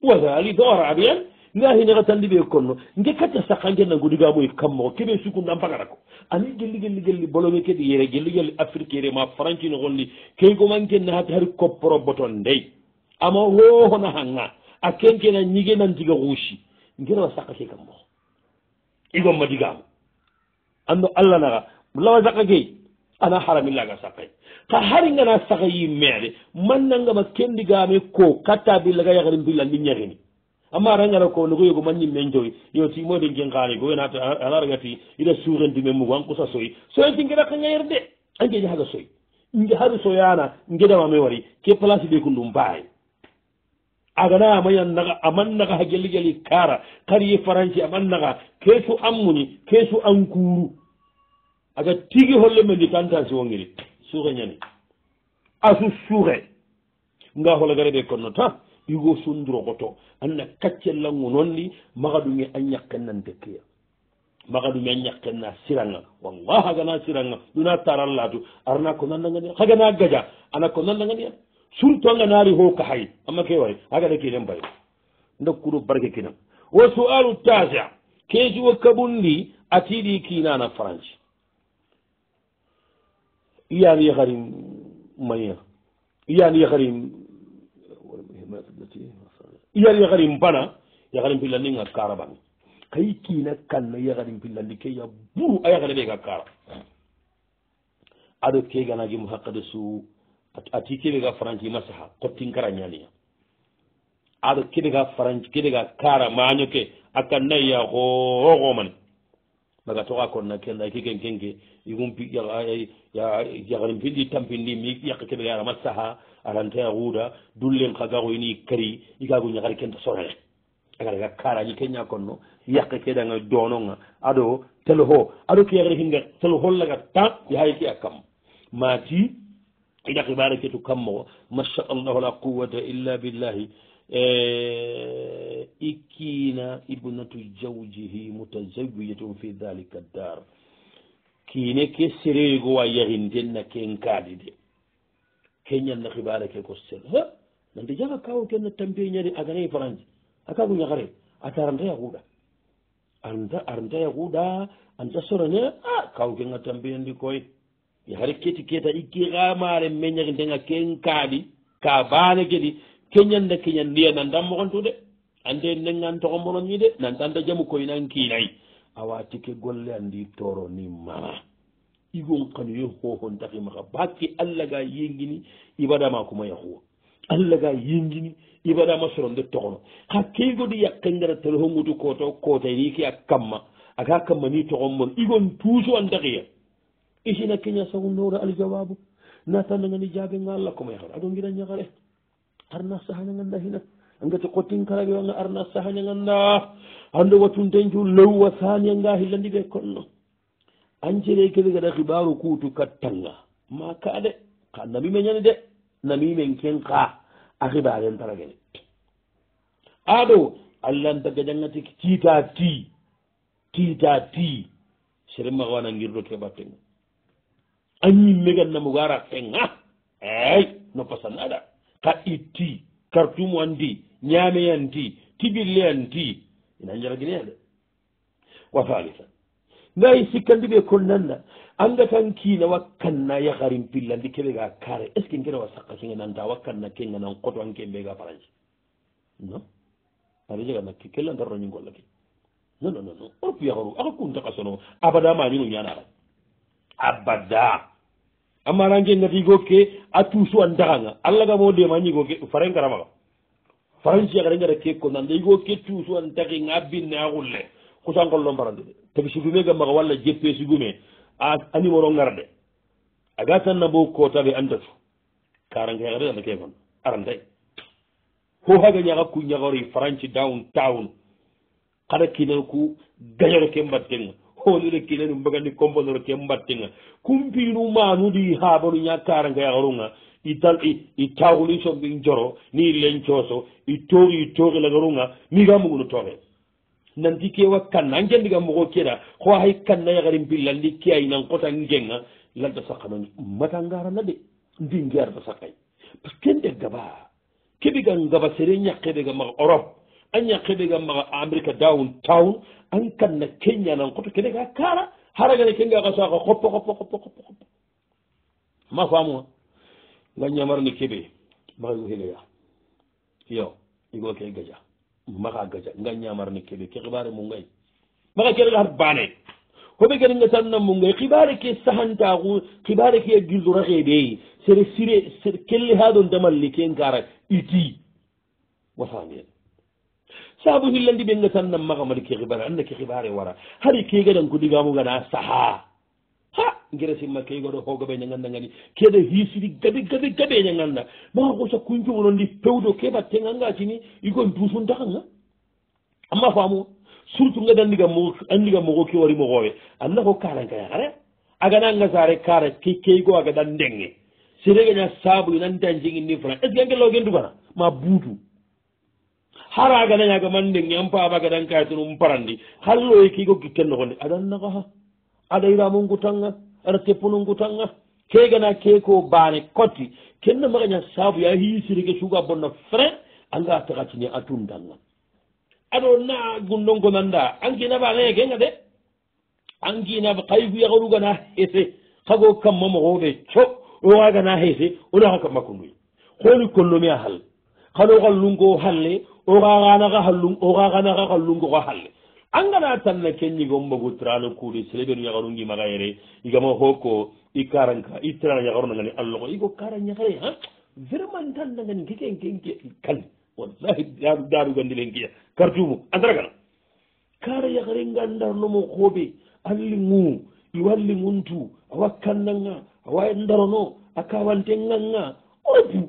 wazali dora abiyan nahinaa tallibe konno nge kacca sakka gennagodigamoye kammoo keɓe suku nampagata ko ani gelli gelli gelli bologe kedi yere gelli gelli afrique yere ma franci no gonli keygomanke naati hari koppro boton ndey ama hohona hanga a kenkena ñigue nantiga huusi ngirawa sakka ke kammoo igomma digamo anndo allah naga lawa sakka key ana haramillaga sakkay ka haringana sakka yimmeede mannangama kendigame ko katta billaga yahrin billandi ñahini amma ara ñala ko no goyogo maññimme joyi yo timode gin haali go wenaa ana ragati ida suurendi men mugu an kusa soyi soyti ngeɗa ka ñayer de angeji haga soyi haɗa soyana ngeɗama me wari ke place ɓe ko ndum mbaawi agana amaanaga amannaga ha gelli gelli kaara kariye faranci amannaga keesu ammuni keesu ankuuru aga tigi holle men ndi tantansi wongiri suure ñani asu suure nga hola gare ɓe konno tan igo sundurogoto anna kaccellangu nonni magaɗumi a ñakkennan dekkeya magaɗumi a ñakkenna siranga wallah agana siranga ɗuna tarallatu arana ko nandangani hagana gaja ana ko nandangani an surtout anganaari ho ka hay amma ke way hagana kinen bayo dokkuɗo barke kinan wo sualu tasia keesi wo kabundi atiɗi kinana franci iyani yahari maya iyani yahari iyar yakarin bana yakarin pillandi nga kara bani kay kina kanna yakarin pillandi ke ya buru a yakare be ga kara ado ke gana gi muhaqqad su ati ke be ga franci masaha qotin kara nyaniya ado ke be ga franci ke be ga kara manyo ke akanna ya go go man maga toxa konna ke ay kegen kenke igum pi yaxrim fi ɗi tampindi mi yaqa keɓe ga arama saha arante a xuuda dulleng xa gaxoyni kari i gagu ñaxari kenta sorale a gara ga karañi ke ña konno yaqe keɗanga donoga aɗo teloxo aɗo ke refinga teloxo laga tan yaxaye ke a kam mati i ɗaxibare ketu kam moxo masha allahu la quwata illa billahi e eh, ikkina ibnatu jawjihi mutazawijatum fi dhalika addar kiine ke sereego wa yahinden na kenkaade de keñal na xibaara ke ko sel ha nande jaga kawo kenna tambe ñade aganayi france akaago ñaxare ataranta yaxuuɗa anta aranta yaxuuɗa anta sorane a kawo kenga tambeyandi koy yaxare keti keta ikki xa maare meñaxindenga kenkaadi ka baane ke di keñan nde keñan ndiya nantan moxontu de ande nengan toxomonoñi de nantanta jamu koy nan kinay awa tike golle andi toro ni mama igon kanu ye xoxon taxi maxa bakki allaga yengini ibadama kuma yaxuwa allaga yengini ibadama soronde toxono xa keigodi yakkengara telefo ngutu koto kotayni ke a kamma aga kamma ni toxommon igon tuusu an taxiya isina keña sagu nowre aljawabu natandangani jaabe nga allah kuma yaxar adongiran ñaxare arna saha ne ganduɗa hina angati qottin kalage wanga arna saha ne ganduɗa ande watun tenju lewwa saniya nga hillandiɓe konno anjere kede gaɗa hibaru kuutu kattanga ma kaade ka namime ñani de namimen ken ka a hibaren taragene aɗo allahnta gajangati tiita ti tiita ti seremaga wana girdo ke battenga anñimme gannamo gara fenga ey noppa sannaɗa kaɗitti kartumu an di ñaameyan ti tibille an ti ina jaraguineede wa halisa ngayi sikkandiɓe kol nanna annda kan kiina wakkanna yaharin pillandi keɓe ga kare est ce que nkene wa sakka kenge nanta wakkanna kenga nan koto an ke mbega farance non ada jega nakke kella ndarro ñingolla ke non non non non orpu yaharu aka kuntakasono abada mañunu ñanaara abada amma ran ke ngati go ke a tuusu an daxanga a laga mo dema ñigo ke faren garamaxa faranci a garengara ke ko nanda igo ke tuusu an taxin a binne a xulle kusan qol lon farandi de tag sufume gamaxa walla jeppe sugume a numero ngarde a ga tanna bo kootaɓe andatu karanke xare anda ke kon arantay ho xaga ñaxa ku ñaxori faranci down town xada kinan ku gañoro ke mbad tenga honire kilenu mbagandi componer ke mbattinga kumpinu manudi habaru ñakara nga yaarunga ital i tawuli sogi joro ni len coso i tori i tori la garunga mi ga mugunu tore nanti ke wa kanna ngendi ga mugo kira ko hay kanna yagari billandi ke ay nan kota ngenga lanta sakana mata ngara na de ndi ngar ta sakay parce que ndeg gaba kibi ga ngaba sere nyakke de ga mar europe aña keɓega maxa amérique dawn town an kanna keñanan koto kene ga kara haragane kenga xa saxa xoppo xoppo xoppo xoppo xoppo ma famuma nga ñamarani keɓe maxa yo xileya yo igo ke gaja maxa gaja nga ñamarani keɓe ke xibare mungay maxa kerega xat baane koɓe genenga tanna mungay xibare ke saxantaxu xibare ke a gildoraxe ɓe sere sire ser kelle ha ɗon damalli ke ngara iti wasaneen saabu hillandi ɓen gatannan magamadi ke hibara annda ke hibare wara hari kegaɗan ko ɗigamugana saha ha gira simma kegoɗo hogoɓe ñaganda gani keɗa hiisiri gaɓe gaɓe gaɓe ñaganda maga ko sakkuncogono ndi pewdo ke batte gangacini igon dusuntakaga amma faamu surtout ga andiga mo andiga mogo ke wari mogoɓe anna ko kalankaya are aganaga sare kara ke keygo aga dan ndenge sedegaña saabu inantan jeginni fra est ce que angelogen dugana ma buutu haraga dañaga mandeŋi an pabaga dan kayti num parandi halloye kiigo gittennohonde aɗan nakaha aɗa iramungu tanga aɗa teppunungu tanga kegana keko bane kotti kenna magaña saabu ya hisirige suga bonna frein anga taxacini a tundanga aɗo na gundonko nanda ankinabanaya genga de ankinab kayguyaxaɗugana hese xago kamma moxoɓe co owagana hese onaxa kamma kunduy xoni konnomi a hal xano xallungo xalle oxaxanaxa xallung oxaxanaxa xallungo xa xalle angana tan na keñigo mbogutirano kuuri silebe nu yaxaru ngimaxa yere igama xooko i karanka i tiran yaxaru nangani alloxo igo kara ñaxare a vraiment ndan nangani kekekeke kan wallahi daruganndilenkeya kartumu andaragana kara yaxare nga ndarnomo xooɓe allingu iwa lingun tu awa kannanga awa ndarono a kawantenganga opu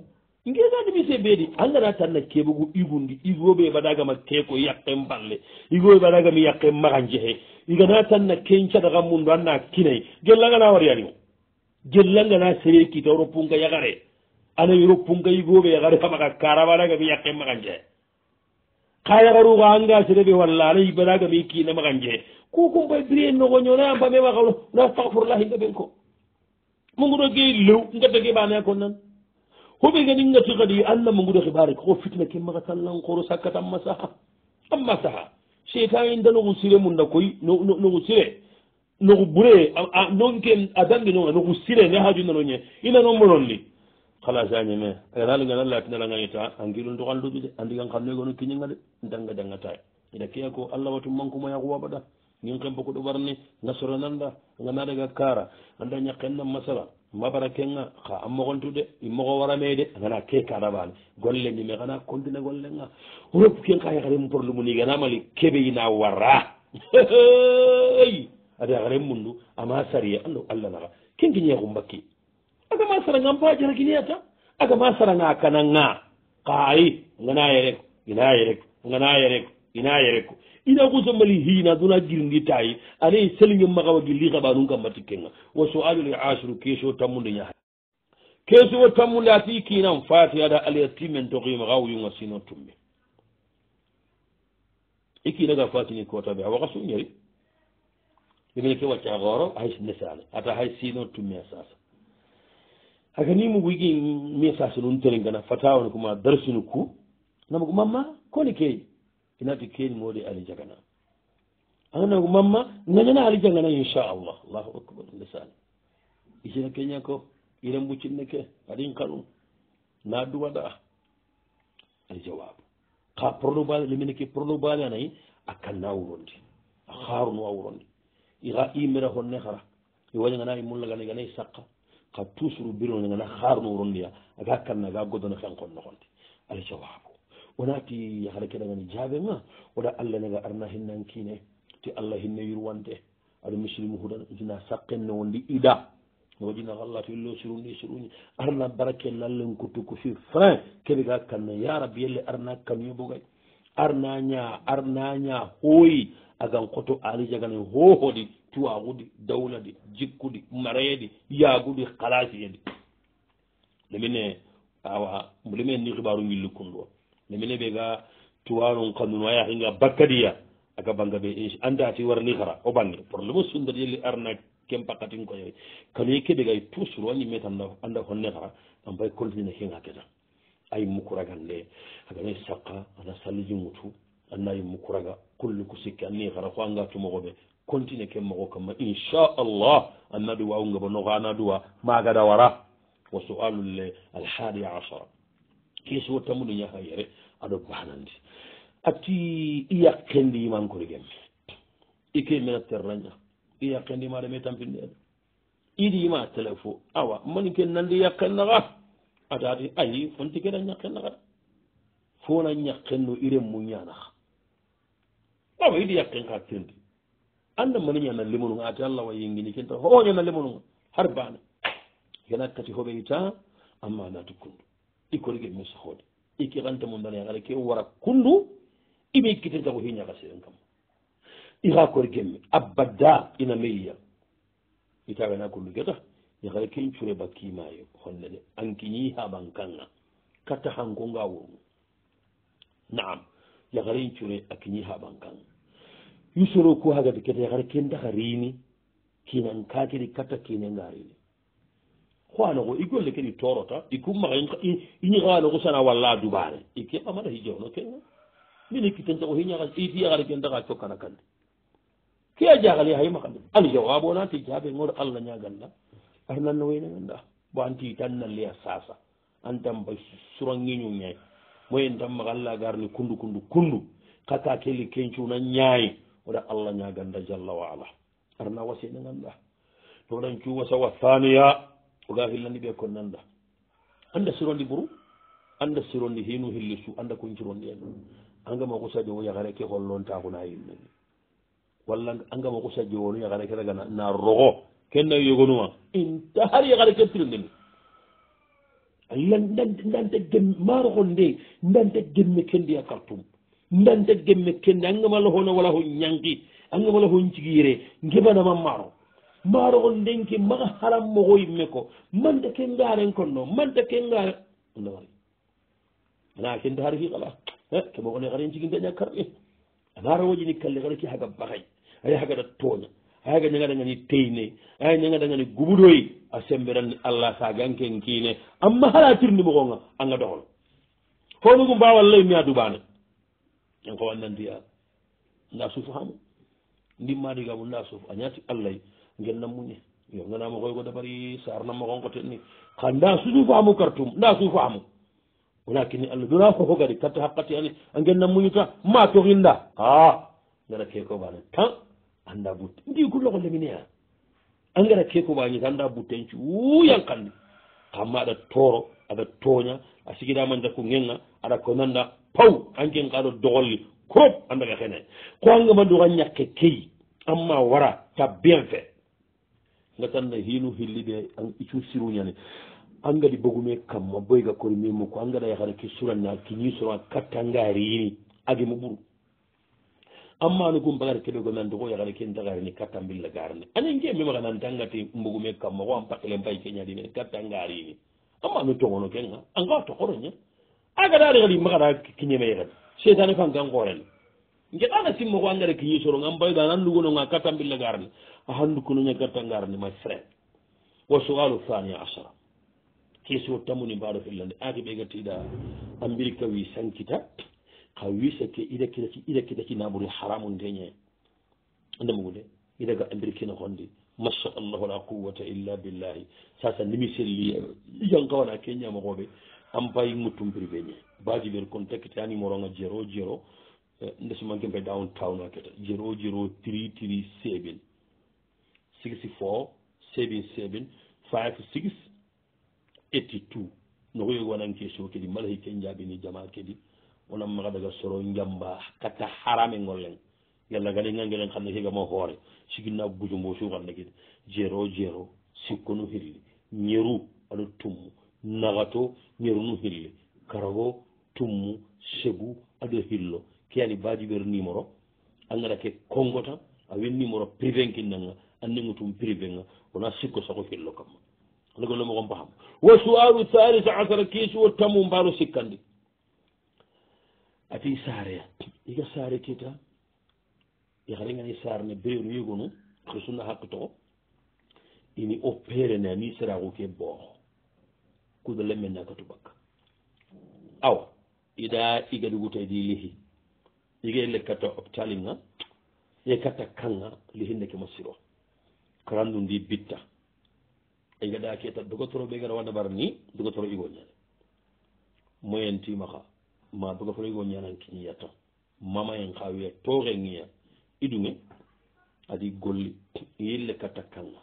ngeɗaade misie beedi allah ratanna keɓugu igundi igoɓe mbaɗagama teko yakqe balle igoɓe mbaɗagami yakqe magan jehe igana tanna kencaɗa kam mum ɗo anna kinayi gellangana wariyanimo gellangana sere kita ropunga yagare ana ropunga igoɓe yagare kamaka kara mbaɗagami yakqe magan jehe ka yagaruko anga sereɓe walla ana mbaɗagami kina magan jehe ko kumpa bire nogoñona mbamemaka na fakfor lahingaɓen ko mungu ɗo gey lew gaddageɓanaya ko nan huɓe geɗingati kadi annamo guɗo heɓari koko fitna kemmaka tallankoro sakka tamma saha amma saha cheytan inda noko sire mum da koy noko sire noko ɓure nonke a dangi noa noko sire ne haju nanoñe ina nonmo nonni halas añeme aganaligana latinalagaita angilun tokan luɓi de andigan kannoygono kiñinga de danga jangata ida keya ko allah watummankumayakuwaɓaɗa gin kempo koɗo ɓarni gasoro nanda ganadaga kara anda ñakkennan masala mabara kenga ka ammogontude immogo warameede agana ke kanabane golle ndime gana kontine gollenga rop ken ka yakarem porlu mun iganamali keɓe ina warra ada yakarem mundu ama sarie allo allah naga ken kiñeexum bakki agama saranga mbajara kineyata agama saranga kananga kaayi ngana yerek ina yerek ngana yerek ina yere ko ina ko somali hina duna girndi tayi ale selinga magawa gi gilli haɓanum kam matti kenga wo soalul asru tamunde tammude ñaha keso wo tammude ati kiinan fatiha da aliya timen tokoyima ha yunga sino tumbe iki tumme i kiinaga fatini kotaɓe wa qasu nyari yemene ke wacca goro ay nesane ata hay sino tumbe a sasa haka ni mugu yigi mi sasa nun terengana fatawani kuma darsinu ku namu mama ko ni kee inati keeni moodi ali jagana anako mamma gañana ali jagana inchallah allahu akbar ndesan isina keña ko iren buccinne ke aɗin kalum na duwada ali jawabu ka prono bale lemine ke prono bale anayi a kalna wurondi a xaaruno a wurondi ixa imera honne xara i wañangana i mullagana ganai saqa xa tousour birnoñangana xaaruno wurondia aga kalna aga godono xen xon noxondi ali jawabu wonati haɗa keɗamani jaabe ma waɗa allah naga arna hinnankine te allah hinne yurwante aɗa musilimu huɗa jina saqenne wonde ida wajina allah to illo sirundi siruñi arna barake lallen kotuko fi frain keɓe ga kanna ya rabbi yelle arna kanuye bogay arnaña arnaña hooyi agan koto alija gane hohodi tuwaxudi dawladi jikkudi mareedi yaagudi xalasiyedi lemine awa lemen ni xibaru ngilli kunɗoa nemine ɓe ga tuwanon kanuno ayahinga bakkadiya aga banga ɓe anda ti warani hara o bange probléme sundar yelli arna kempakatin koye kanuye keɓe gay toujours wani met anda honne hara an bay coltinina henga keta ay mukuragande aganayi sakka ana salliji mutu annayi mukuraga kulle ko sikki anni hara fo anga tumogoɓe continue ke mogo kamma inchallah annaɗu wa ungabonoko ana duwa magada wara wa soalulle alhadi acara keesowo tammuɗo ñaha yere aɗo banandi ati iyakkendiman kori gemme ike mena terraña iyakkendimaɗa me tampindeɗa iɗima tele fo awa mani ken nandi yakkennaga adaati ayi fonti keɗa ñakkennagaɗa fona ñakkenno iren mu ñanaha awa iɗi yakken ka tendi anda mani ñana lemonuga ati allah wayingini kenta hoñana lemonuga har bana kena kati hoɓe yita amma natukkundu ikorigel mu sohode ikiranta mu dana yagara ke wara kundu ime ikkitirta ko hiñaga seren kam ixa korigelme abadda ina meyya itawena kulugeta yagara ken cure bakkimayo hollene ankiñi haban kanga katta hankonga wurmu naam yagara in cure a kiñi haban kanga yusoro ku hagati keta yagara ken daga rini kinan kakiri katta kinenga rini xoanoxo i golle keni torota i cummaxa i ñixaanoxu sana walla dubaare i ke ɓamata xijeono kenga mine kitentaxo xiñaxaitiyaxarigentaxa cokana kandi ke a jaxale xay maxane anjoxa boona ti jaɓengoro allah ñaganda arnanna wenaganda bo antitan na lea sasa antan ba surangiñu ñay moyen tan maxa alla garni kundu kundu kundu xaka keli kencuna ñaayi oɗa allah ñaganda jalla wa ala arna wasenaganda to ɗan cuwasawa thaniya o ga hillani ɓe ko nanda anda sirondi buru anda sirondi hinu hillisu anda koncironi en angama kusaji o yakare ke hollontako na yimmani walla angama kusaji wonu yakare ke raga na rogo kenna yogonuma inta har yakare kettirindeni alla ndante gem maroko nde ndante gemme kendi ya kartum ndante gemme kendi angamalahona wala ho ñanki angamalaho cigire gebanama maro maaro on ndenki ma haram mo hoyimme ko manda ken ngaren kon no manda ken ngaren alla wari ana kende har fi kala kebo one garen cigi daña karɓe anaara wojini kalle gara ki haga bahay aya haga ɗa tooña aya ga ñagaɗangani teyne aya ñagaɗangani guɓuroy a semmbiranni allah sa ganken kiine amma hala tirndi mogonga anga dohol honugu mbawal lay mi a duɓane en ko wannandiya nda suufu hamu ndimmadigamu nda suufu a ñaati allahy gennam muñe yo ganama koy ko dabari sarnamma konko ten ni ka nda suufa amu kartum nda suufa amu walakini allah dona koko gadi katta haqqati ani a gennam muñuta ma toginda a ngara keko bane tan anda butte ndi gullogo leminea a ngara keko bañita anda butten cuuyankandi kammaɗa tooro aɗa tooña a sigiɗama jakku genga aɗa ko nanda paw an kenkaɗo dogolli krop andaga hene ko angamaɗuga ñakke keyi amma wara ta bien fait nga tanna hiinu hilliɓe icum siruñani angadi bogume kamma boyga kori mimmo ko angaɗa yahara ki suranna ki ñisoro a kattangarini age mo ɓuuru amma no gum bagara keɓe gonande ko yahara ken dagarini kattambilla garne anen ke mima gananta angati bogume kamma ko an pakkile mbay keñadine kattangarini amma no togono kenga angawa tokoroña agaɗa ɗe kadi magaɗa kiñeme yahadi seytane fankan koorene jeɗana simma ko engrais ki ñisoro an mbayda an anndugonoga katambille garani a hanndu kono ñaggarta garani ma frère wa sual thania asara keso tamuni mbaɗo fellande aki ɓe gattiɗa ambiri kawi sankita ka wisake ida kitaci ida kitaci naɓuri haramu ndeñe andemugude idaga ambiri kina hondi massa allahu la quwata illa billahi sasa nimi selli jankawana keñamahoɓe ampayi muttumpiri ɓeñe badiɓer kon takkitani moronga jero jero E, ndesuma gempe down town aketa zéro zéro tri tri sevin six four sevin sevin five six etti two nokoyo wonan question kadi mala hi ke jaabini jama kadi wonan maga daga soro jamba katta harame ngollen yalla gani ngangelen xanna higama hoore siginna gujumbo suganna kidi zéro zéro sikkunu hilli ñeru aɗo tummu nagato ñerunu hilli karago tummu segu aɗo hillo keyani bajuɓero numéro angara ke kongota a win numéro privé kinnanga annego tum privé nga wona sikko sago fillo kamma anago lemo kom paham wo suwaru thalise asara kiisuwo tamu mbaro sikkandi ati saareya yiga saare kita yaharengani saarene beyonu yigonu kesunna hakke toxo ini o perene ani saraku ke booxo kuda lemme nakatubakka awa ida igadugutaydi lihi yige le katta hopitali nga ye katta kanga li hindeke masiro karandu ndi bitta e gada keta dogotoro ɓe gara wadabara ni dogotoro igo ñane moyen timaha ma dogotoro igo ñanan kiñi yatta mamayen ha wiya toxe ngiya idume adi golli yille katta kanga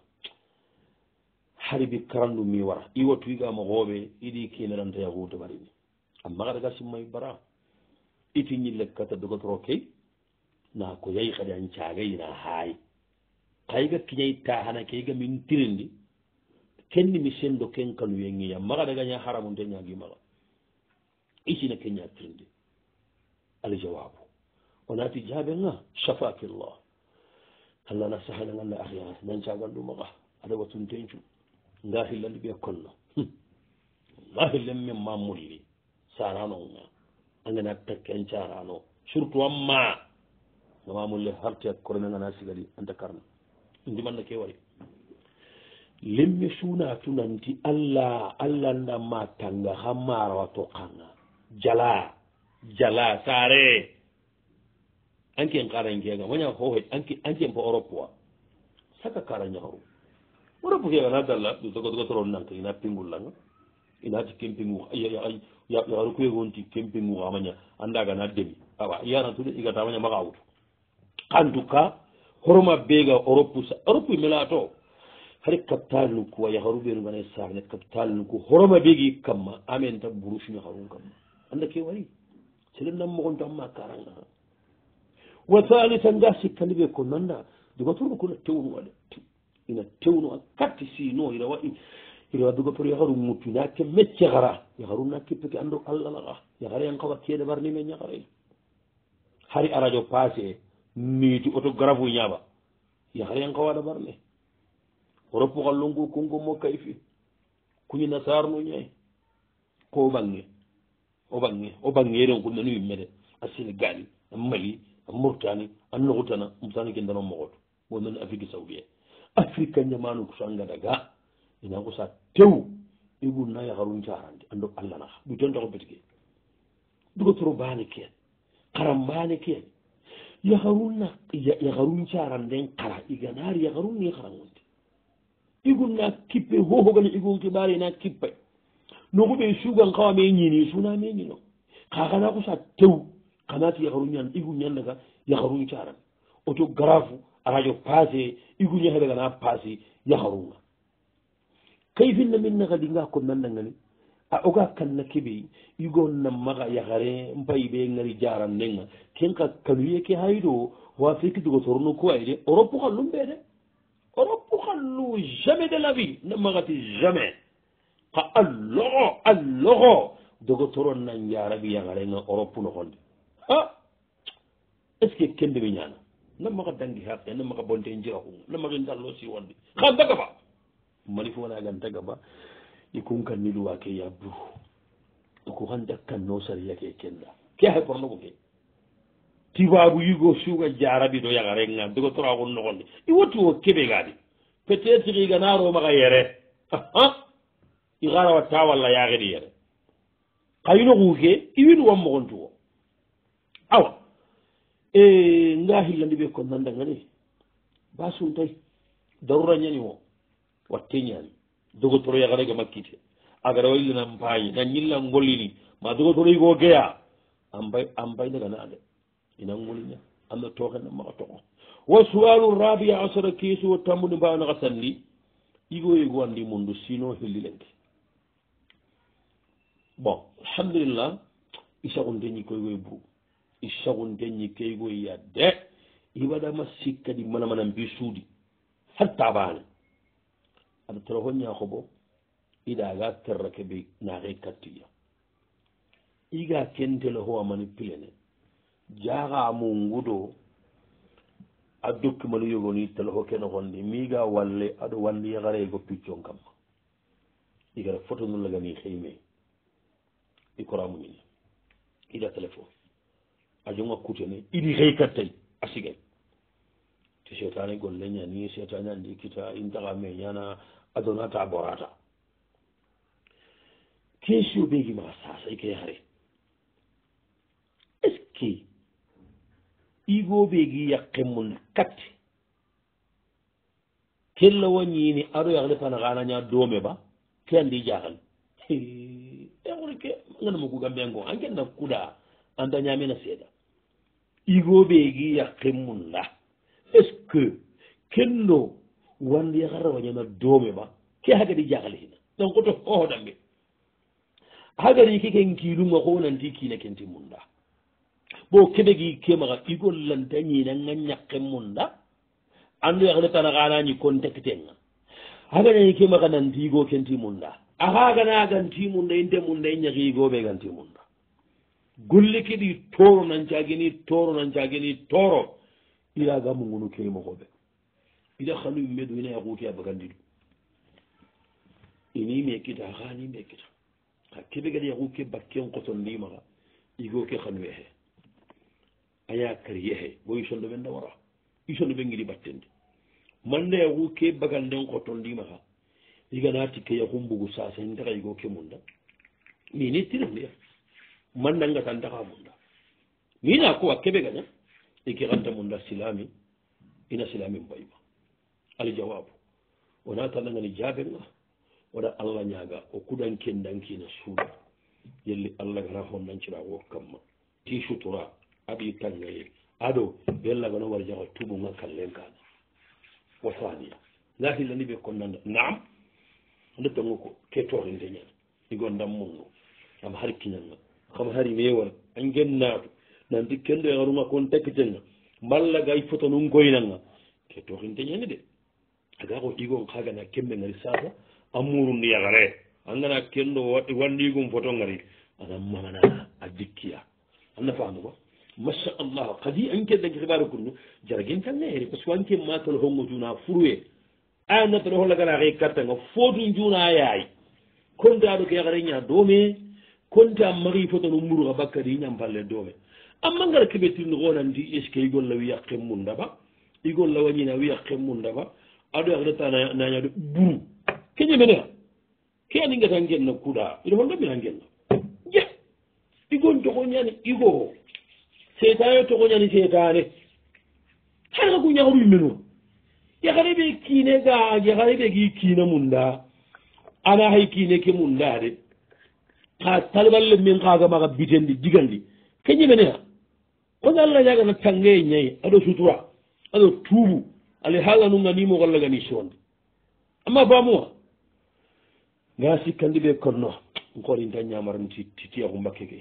hari bi karandu mi wara iwotuyigama xooɓe iɗi kineranta yahudabarini a magaragasimmay bara iti ñillek kata dogotoro ke na ko yayi xaɗancaagayi na haayi xayga kiñayi taxana keyga min tirindi kenni mi sendo ken kanu yengiya maxaɗagaña xaramunte ñaagi maxa isina keña tirindi aljawabu onati jaɓenga shafakillah alla na saxanaganna axia nancagandu maxa aɗawatuntencu nga xillandi ɓe konna wallahi lemme ma mulli sananonga engena tekke en carano surtout amma gamamulle harti ak kore nangana sigali antakarna ndimanna kewari lemme suna tunanti allah allah ndamma tanga ha marawa to kanga jala jala sare anken karankega moña hohe anke anken po europe wa saka kara ñahru europe kega na dalla sogotogotoron nanka ina pingullanga inati kempingu yaaru kuye gonti kempingu amaña andaga na deɓi awa yanatude igata amaña maxa wutu en tout cas horoma bega europe sa europe mela to hari kaptalnu kuwa yaharu ɓenu gana sarne kaptalnu ku horoma begi kamma amen ta brouche ñaharun kamma anda ke wari selen nam moxonto amma karanga wa halisa nga sikkandi ɓe ko nanda jogatorno kona tewnuwa de ina tewnu a carte sino irawa ire wadduga pour yahoru muttu ñakke mecce hara yahoru nakkippeke andu allah laga yahara yan kawa keede barni men ñakara hari a radio passe miiti auto grave u ñaaba yahara yan kawaɗa barne oropuxa longu kongo mo kayfi kuñi nasarnu ñay ko bange o bange o bange ren kun nanu yimmede a sénégali a mali a mourtani a noxutana musani ke ndano moxotu bo nan afrique saoudien afrique a ñamanu kusangadaga inako sa tew i gurna yaharun carandi ando allah naxa duten taxo betke dugotoro bane keen xaran bane keen yaxarun na yaxarun caranden xara iganaar yaxarun ni xarangonte i gunna kippe hoogale igoke ɓarena kippe noxu ɓe sugan xawa me ñini suna me ñino xaxana ku sa tew xanati yaxaruñan i guñannaga yaxarun caran oto grafe arajo passe i guñaxedagana passe yaxarunga kayfinna min nagadi nga ko nannagani a oga kanna keɓe yugon na maga yagare mbay ɓe gari jaran denga kenka kaluye ke hayɗo wa feki dogo torono ko ayde europe xallum ɓede europe xallu jamais de la vie na magati jamais xa a loxo a loxo dogo toro na njarabi yagarenga europe noxonde a est ce que ken ndemi ñana na maga dangi xaqe na maga bonte njiraxunga na magi ndallo siwonde xa dagafa mali fo wonagan tagaba i kunkan ni luwa ke yabdu ko han dakkan no sariya ke kenda ke hay porno ko ke tibabu yugo suga jarabi do yaga renga do to ra gon nokonde i wotu o kebe gadi peut-être ri ganaro ma ga yere ha i gara wa tawalla yaga di yere kayno guke i win wam mon to aw e eh, ngahi landi be ko nanda ngani basun tay darura nyani wo wa teñaali dogotoro yagarege makkite agara wallina mbaañi na ñilla ngollini ma dogotoro yigo geya ambay ambaynaga naande ina ngollina anna tooxena maxa toxo wa suwalu rabia asara kiisu wo tambuni mbaanaxa sandi igo yego andi mundu sino helli lenke bon alhamdulillah isaxunte ñikkoygoy bu isaxunte ñikkeygoy ya de ibadama sikkadi mana mana mbi suudi hatta baane aɗa tara hoñako bo iɗaga terra keɓe naxe kattiya iga kentele ho a manipulene jaxa mu ngudo a dokkimalu yogoni telefo kene xonde miga walle aɗo walle yaxare go piccon kamma igara photono lagani xeyme i koramuñine iɗa telephone a jonga kutene iɗi xey kattay a sigay te setane golle ñani setane andi kita intaxa me ñana adonata borata kesio ɓegi ma sasay kay hare est ce que igo ɓegi yakke mun katte kella wañini aɗo yahle panaganaña doome ba ke andi jahal eorke e maganama gugambe ngo ankenna kuɗa andañamena seeda igo ɓegi yakke mun la est ce que kendo wandi yahara wañana doome ma ke hagadi jagali hina donc to hohoɗamɓe hagadi kiken kiilunga ko wonanti kiina kenti munda bo keɓe gi kemaxa igol lanta ñinanga ñakke munda andu yahare tanaxanañi contectenga hagadani kemaxa nantiigo kenti munda axaganaganti munda inte munda i ñaki igoɓe ganti munda golle keɗi toro nancagini toro nancagini toro iraga mugunu kei moxoɓe ida xanu yimme do ina yaquuti a bagandidu inime kita xanime kita xa keɓe gadi yaqu ke bakken qotondimaxa igoke xanuye he aya karye he bo isondo ɓe nda wara isondo ɓe ngidi battende manda yaqu ke baganden qotondimaxa iganati ke yaqu mbugu sase ntaxa igoke munda mini tirandiya mannangata ntaxa munda mina ko wa keɓe gaña ikixanta munda silami ina silamin bayma aljawabu o natanangani jaabe ga waɗa allah ñaga o kuɗanke dankina suuda yelli allah gara honnanciɗa wo kamma ti sutura aɗi tangaye aɗo yellagano wara jaga tubuga kallen kaɗa wa saniya nda hillani ɓe konnanda nam ande tango ko ketorindeñan igondam mumno kam harkinanga kam hari mewal an gennaɗo nanti kendo e garuga kon takkitenga mballa gay fotanum goynanga ketorindeñani de aga ko ɗigon kagana kembe gari sasa amuru ndi yagare angana kendo wandigum photo gari ana mana a dikkiya anna famu ko masha allah kadi anke dañi hibaru kurnu jaraguintan neeri par ce que anke makal hongo juna furoye anatano hollagana xe kattanga fotu juna yaay kontaɗo ke yagare ña doome konta maxi photono muruxa bakkadi ñam palle doome amma ngara keɓe tirndi xonandi est ce que igol lawi yaqe mun daba igol lawañina wi yaqe mun daba aɗo yakdata nañaɗo buru keñemene ha ke ani gata ngelna kuuɗa ine hollomina ngelna ja igon tokoñani igo setane tokoñani setane hara ko ñahoru yimmenuwa yakare ɓe kiine gaag yakare ɓe gi kiina mum da ana hay kiine ke mum da de ha talballe min kagamaga bitenɗi digandi keñemene ha kono allah ñagana tangeye ñayi aɗo sutura aɗo tuubu ala haala num nanimo walla hmm. gani sonde amma famuwa ga sikkandi ɓe konno nkori dañamaran titiyaku mbakke ke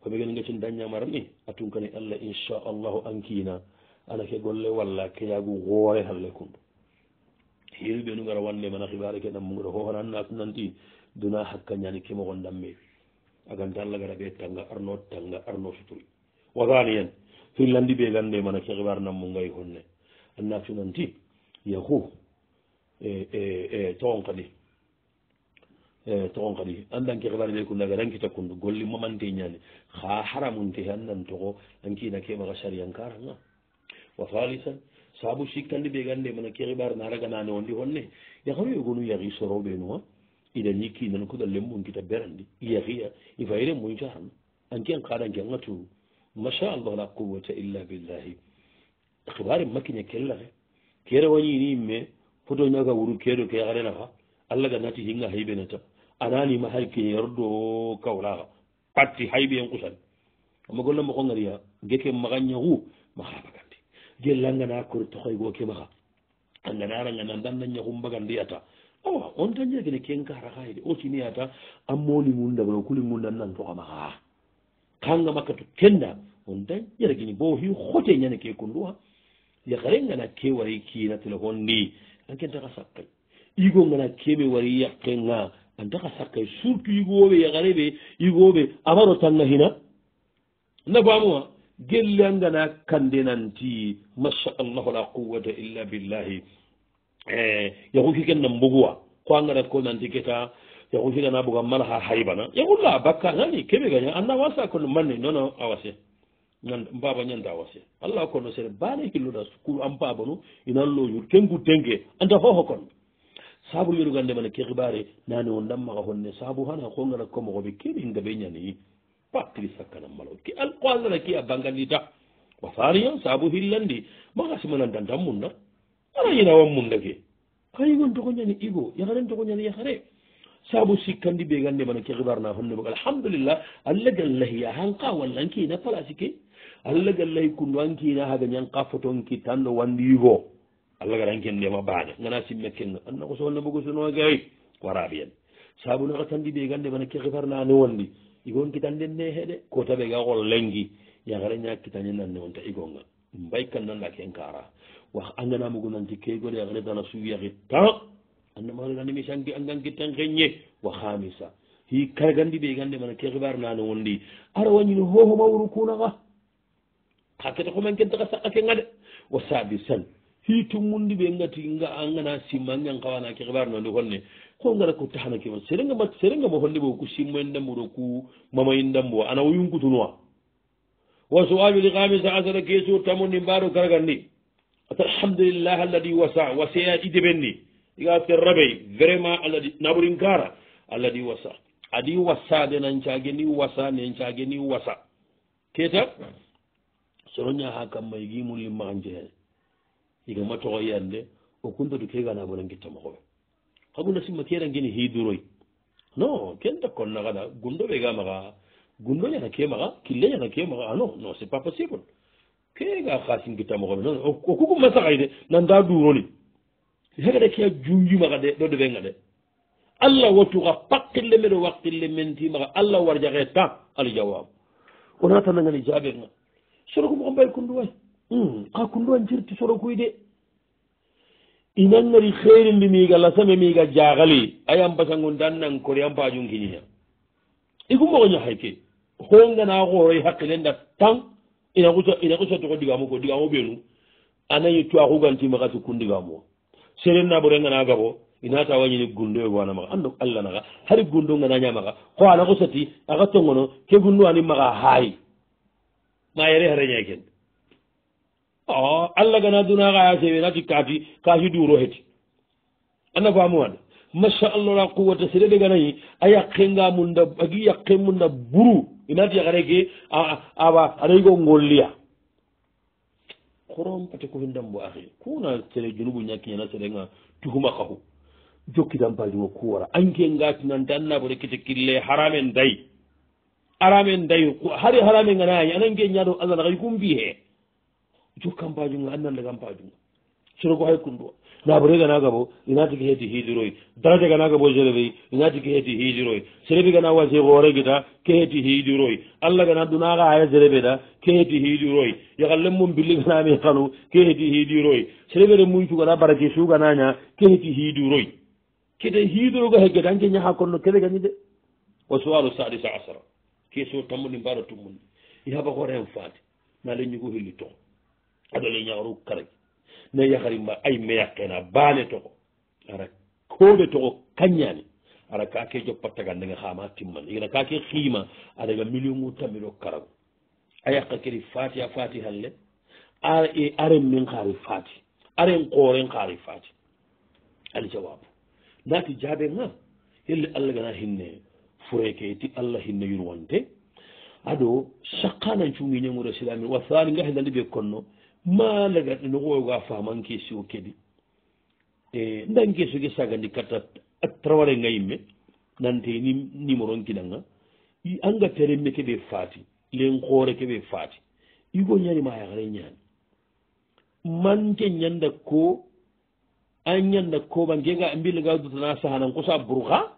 ko ɓe gani gaccen dañamaran ni atunkane allah inchallahu ankina ana ke golle walla keyagu hoore halle kundu hiri ɓe nugara wannde mana hibare ke ɗammuguro hohonannatunanti duna hakka ñani kemo gon ɗammeɓe agantallah gara ɓe tanga arno tanga arno suturi wagani hen hin landi ɓe gande mana kehibar nan mu gay honne annafinanti yahu e, e, e, toon kadi toon kadi andan kehibar ɓe kunaga danki takkundu golli mamante ñani ha haramunte andan toko ankina kemaka sariyankaranga wa falisan saabu sikkandi ɓe gande mana kehibar naraganane ondi honne yahoro yogonu yahi soroɓe nuwa ida ñikki nan kuɗa lembun kita berandi yahiya ifayre muy tarana anki an kaɗanki anga turu machallah la quwata illa billahi hibare makkiña kellate kere wañi ni yimme fotoñaga wuru keeɗo ke arenafa allah ga nati hinga haybenata ananima hay kiña yarɗo kawlaxa patti haybeen kusani amma golla ma xongariya geke maxa ñaxu maxa bagandi gellangana kori toxoy go ke maxa anganaranga nandanna ñaxu mbagandi ata awa onta ñagene kenkaraxayede o sini ata a moolimun dabalo kulimun nannan toxa maxa kangamakkatu kenndam on dañƴere kini bo hi hote ñane ke kunduha yakare ngana ke wari kiina téléphone ndi ankentaka sakkay igo ngana keɓe wari yakke nga antaka sakkay surtout igoɓe yakareɓe igoɓe amaro tanna hina nabamuwa gelle an ngana kande nanti machallahu la quwata illa billahi e eh, yaku kikenna mbuguwa ko a ngarat ko nanti keta yaku kikana buga mala ha haybana yakulla bakka nani keɓe gaña annawasa kono manni nono awase mbaba ñanda wasiya allah kono sene mbaane hilluɗa sukulu an mbabanu ina alloñur kengu dengue anda hoho kon saabu yeɗu gande mana ke xibare nane o ndammaxa honne saabu hana xongana komoxoɓe keɓe ngaɓe ñani patri sakkana malo ke alqoalana ke a banganita wasaniya saabu hillandi maxasimana dandan munna ana yinawan munda ke ayigon toxo ñani igo yaxaren toxo ñani yaxare saabu sikkandi ɓegande mana ke xibar na honne bog alhamdulillah allagallahi a hanqa wallanke ina place ke allahgallay ko nankina haga ñan kaffotonki tanɗo wandi yugo allah garanken ndema baane gana simme kenno anna ko sowonne bogosunokewi waraɓiyen sabuna ko tandi ɓe gande bana kekifarnani wondi igon kitanden ne heɗe ko taɓe gaxol lengi yakare ña kitañe nanne wonta igonga mbay kannanda ken kara wax anganamugo nanti kegode aretana suyaki tan annamaaganimi sanki angan kitten xeñe wa xamisa hi kara gandi ɓe gande bana kekifarnani wondi ara wañino hohoma wuru kunaxa hakkete ko men kenta ka saqake ga de wa saabi sal hiitu mundi ɓe gati nga gana simma ñangkawana ke xibar nonde honne ko ngara ko tanake ma serengama serengama honde ɓo ku simmo en dambuɗo ku mama en dambuwa ana o yunkutunuwa wa suwaju li kami sa asara kesur tamundi mbaɗo karagan ni alhamdulillah alladi wasa wasaya ɗideɓen ni iga ter rabey vraiment alladi naɓurin kara alladi wasa adi wasade nancage ni wasa nancage ni wasa ketab sono ñaha kamma yigi mullimma han je hen yigama toxo yiyande o kuntatu kegana bona guittama xoɓe xagu nasimma kera ngini hiduroy non ken dakkonna xada gundo ɓega maxa gundo ñana ke maxa killa ñana ke maxa a ah non non c' est pas possible kega xasin guittama xoɓe non o kugumma saxay de nanda duroli hegede ke junjimaxa de ɗo ɗovenga de allah wotuxa paqille meɗo waqille mentimaxa allah warjaxe tan aljawab onatanangani jaɓega soro ko mo ombay kunduway hmm. a kunduwan jirti soro kuy de inangari heyrindi miiga lasame miiga jaagali ayan basangon dannan kori an paajunkiñiya igu mogo ñahay ke hongana xooroy haqinenda tan inaku inaku sotoko digamu ko digamu ɓenu anayi cuwakugantimaxati kundigamuwa serenna ɓorengana gabo ina tawa ñini gundo yogo ana maxa andok allah naxa hari gundo ngana ñamaxa ko anaku sati axa tongono ke gunduwani maxa haayi ma yere reñay ken o allah gana duna xaya seɓe nati kaafi kaafi duro heti anda fa mumad masallah la quwata sere de ganayi a yakke nga munda agi yakke munda buru inati yakareke aa adayigo ngolliya korom pate kofin dambo axi kuna sere junubu ñakkiñana serenga tuhuma kahu jokkitan paliŋo kuwara anke ngatinanta annabore kete kille harame ndayi aramen dayo har harame ganayi anan ge ñado allah ay kum mbi he cuk campajunga annande campajunga soroko hay kun ɗoa nabore ganaga bo inati ke heeti hidiroy daraja ganaga bo jereve inati ke heeti hidiroy serebi gana wasi horegita ke heeti hidiroy allah gana dunaga aya jerebe da ke heeti hidiroy yakallen mum billi ganami kanu ke heeti hidiroy serebere muycu gana barake suganaña ke heeti hidiroy kede hidiroga hegge tan ke ñaha konno kede gañi de wa sual sadis asra keso tammudi mbaɗa tummunde yaaba hoore hen faade na leñigo helli toko aɗa le ñawro karay na yahari ma ay meyakkena baane toko ara koode toko kañani ara kake joppattagal ndega hama timmane ina kake e xiima adaga million ngu tammiɗo karago a yakka kedi faati a faati halle ae e aren min haari faati aren kooren haari faati alijawabu naati jaabe ga helli allah gana hinne fureketi allah hinno yurwonte aɗo sakkana cuguiñamura silamin wasani gahedande ɓe konno malagaɗe no oyoga famanke sio keeɗi e danke soke sagandi katta travare gayimme nante ni numoronkiɗanga angaterenme keɓe faati len hoore keɓe faati yigo ñanima yahare ñaani manke ñanda ko a ñanda ko ma ngega mbilaga dutana sahanan kosa bourxa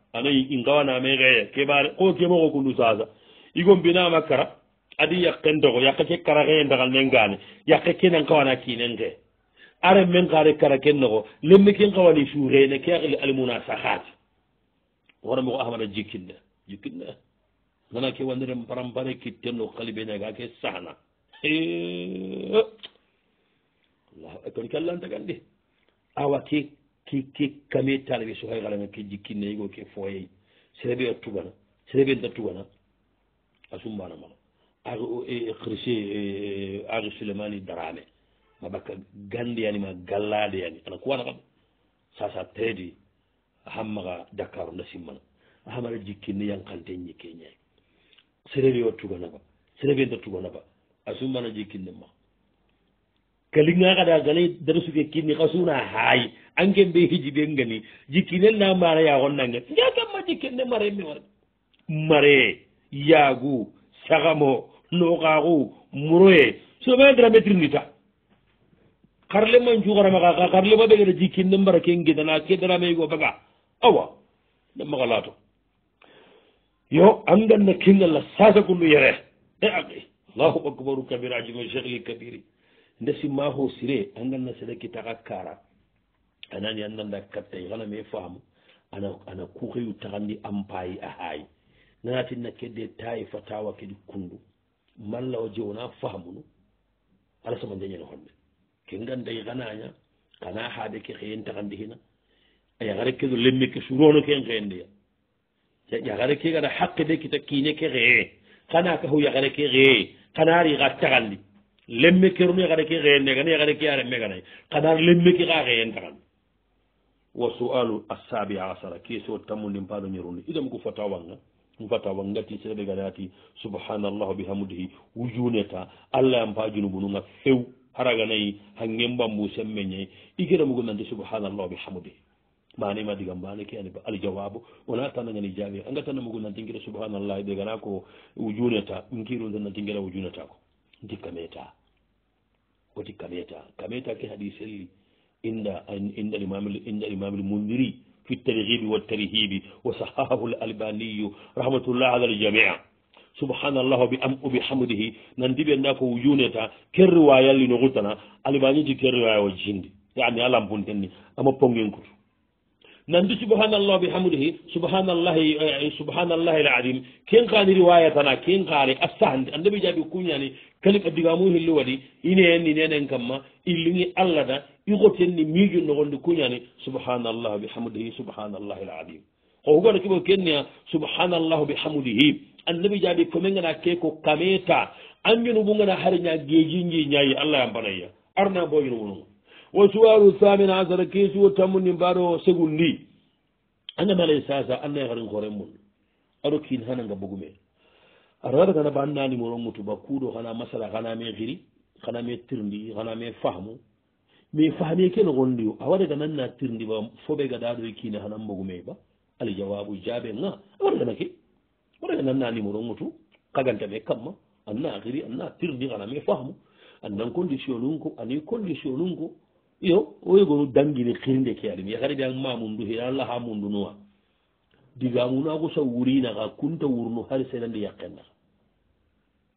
anayi in gawaname xeye keɓare ko keɓoxo gundu sasa igon binama kara adi yaqen doxo yaqe ke kara xeye ndaxal nengane yaqe ke nan gawana kinen xe a ren men xare kara ken noxo lemme ken gawani suxene ke axili alimuna saxati waxona moxo ahmada jikinne jikinne nana ke wanderen parampare kitten no xalibe naga ke saxna allahu akbar ke allahntagandi awa ke ki ki kami talibi so hayhalame ke jikkinne yigo ke foyey serebe a tugana serebe nta tugana a e, e, sumbanamala e, ar crisé ar suleimani darame ma bakka gandiyani ma galladeyani ana kuwana kam sa sa tedi hammaga dakaro nda simmana ahamara jikkinne yankante ñikke ñay serebe wa tuganaba serebe nta tuganaba a sumbana jikkinne maa kali ngaxaɗa galay darasuke kinni xa suna haay anke mbe hiji ɓe ngani jikkinel na mara yaxon nange jakamma jikken ne mare mi ware mare yaagu saxamo loxaxu muroye soma dramétre ndita xarlema cuxaramaxaxa xarlema ɓegena jikkin ne mbara ke ngidana ke dramego baga awa ne maxalato yo angan na kingalla sasagundu yere e aqi allahu akbaru kabira jimo chekhli kabiri ndesi maho sire angal na sedaki taxa kara anani ananda kattay xaname faamu ana ana kuxeyu taxandi ampayi a haayi nanatin na kedde taye fa tawa kedi kundu malla o jewona faamunu ala sama jañeno xonne ke ngandai xanaña xana xaade ke xeyen taxandi hina ayaxare kedo lemme ke surono ken xeyen deya yaxare ke gada xaqe de kita kiine ke xeye xana kaxu yaxare ke xeye xana ri xa taxandi lemme kerune xada ke xeyenegan xada ke aremeganay xadar lemme ki xa xeyentaxan wa soualu asabi asara ke so tamundi mpalo ñeruni idem ku fatawanga fatawa ngati seeɓeganati subhanallahu bihamdihi wujuneta allah yampa junubununga few haraganayi hangembambu semmeñayi igeremugu nanti subhanallahu bihamdihi manima digam bane ke ani aljawabu wona tanagani jaɓi angatanamugu nantinguira subhanallahi ɓegana ko wujuneta nkiruda nantinguira wujuneta ko di kameta woti kameta kameta ke haɗi selli inda inda limamil inda limamil mundiri fi tarihibi wa tarihibi wa sahahahu l albaniyu rahmatullah ala aljamia subhanallahu bi am u bi hamdihi nandi ɓe nda ko yuneta ker riwayalli no gutana albaniji ker riwaya o jindi yani alampunten ni ama pongenkutu nanndi subahanallah bihamdihi subahanallahi eh, eh, subahanallahi ladim ken kaani riwaya tana ken kaari astahandi annabi jaaɓi kuñani kalib addigamu hilli waɗi ineen ineenen kamma illingi allah na igotenni miijo nogondi kuñani subahanallahu bihamdihi subahanallahi ladim ko hugoto kiɓo kenniya subahanallahu bihamdihi annabi jaaɓi komengana ke ko kameta anjunu ɓunngana hare ña geejinji ñayi allah yampanayya arna boyunu wununga won suwaru samine asara keesiwo tammundi mbaɗo segul ndi andema alay e sasa annaye haren hooren mum aɗo kiin hananga bogume arata kana ba annanimoro mutuba kuuɗo hana masala haname xiri haname tirndi haname fahmu mais fahame ke no gon ndio awaɗa ga nanna tirndi ba foɓe ga ɗaɗo e kiine hanan bogume ba ali jawabu jaɓe ga awaɗa gana ke waɗa ga nanna nimoro mutu kaganta ɓe kamma anna xiri anna tirndi haname fahmu annan condition nun ko ani condition nun ko yo oye gono dangine kirinde ke ari yakari bian mamundu hira allah ha mundu nuwa digamunaako sa wurinaka kunta wurnu hari senande yakkendaka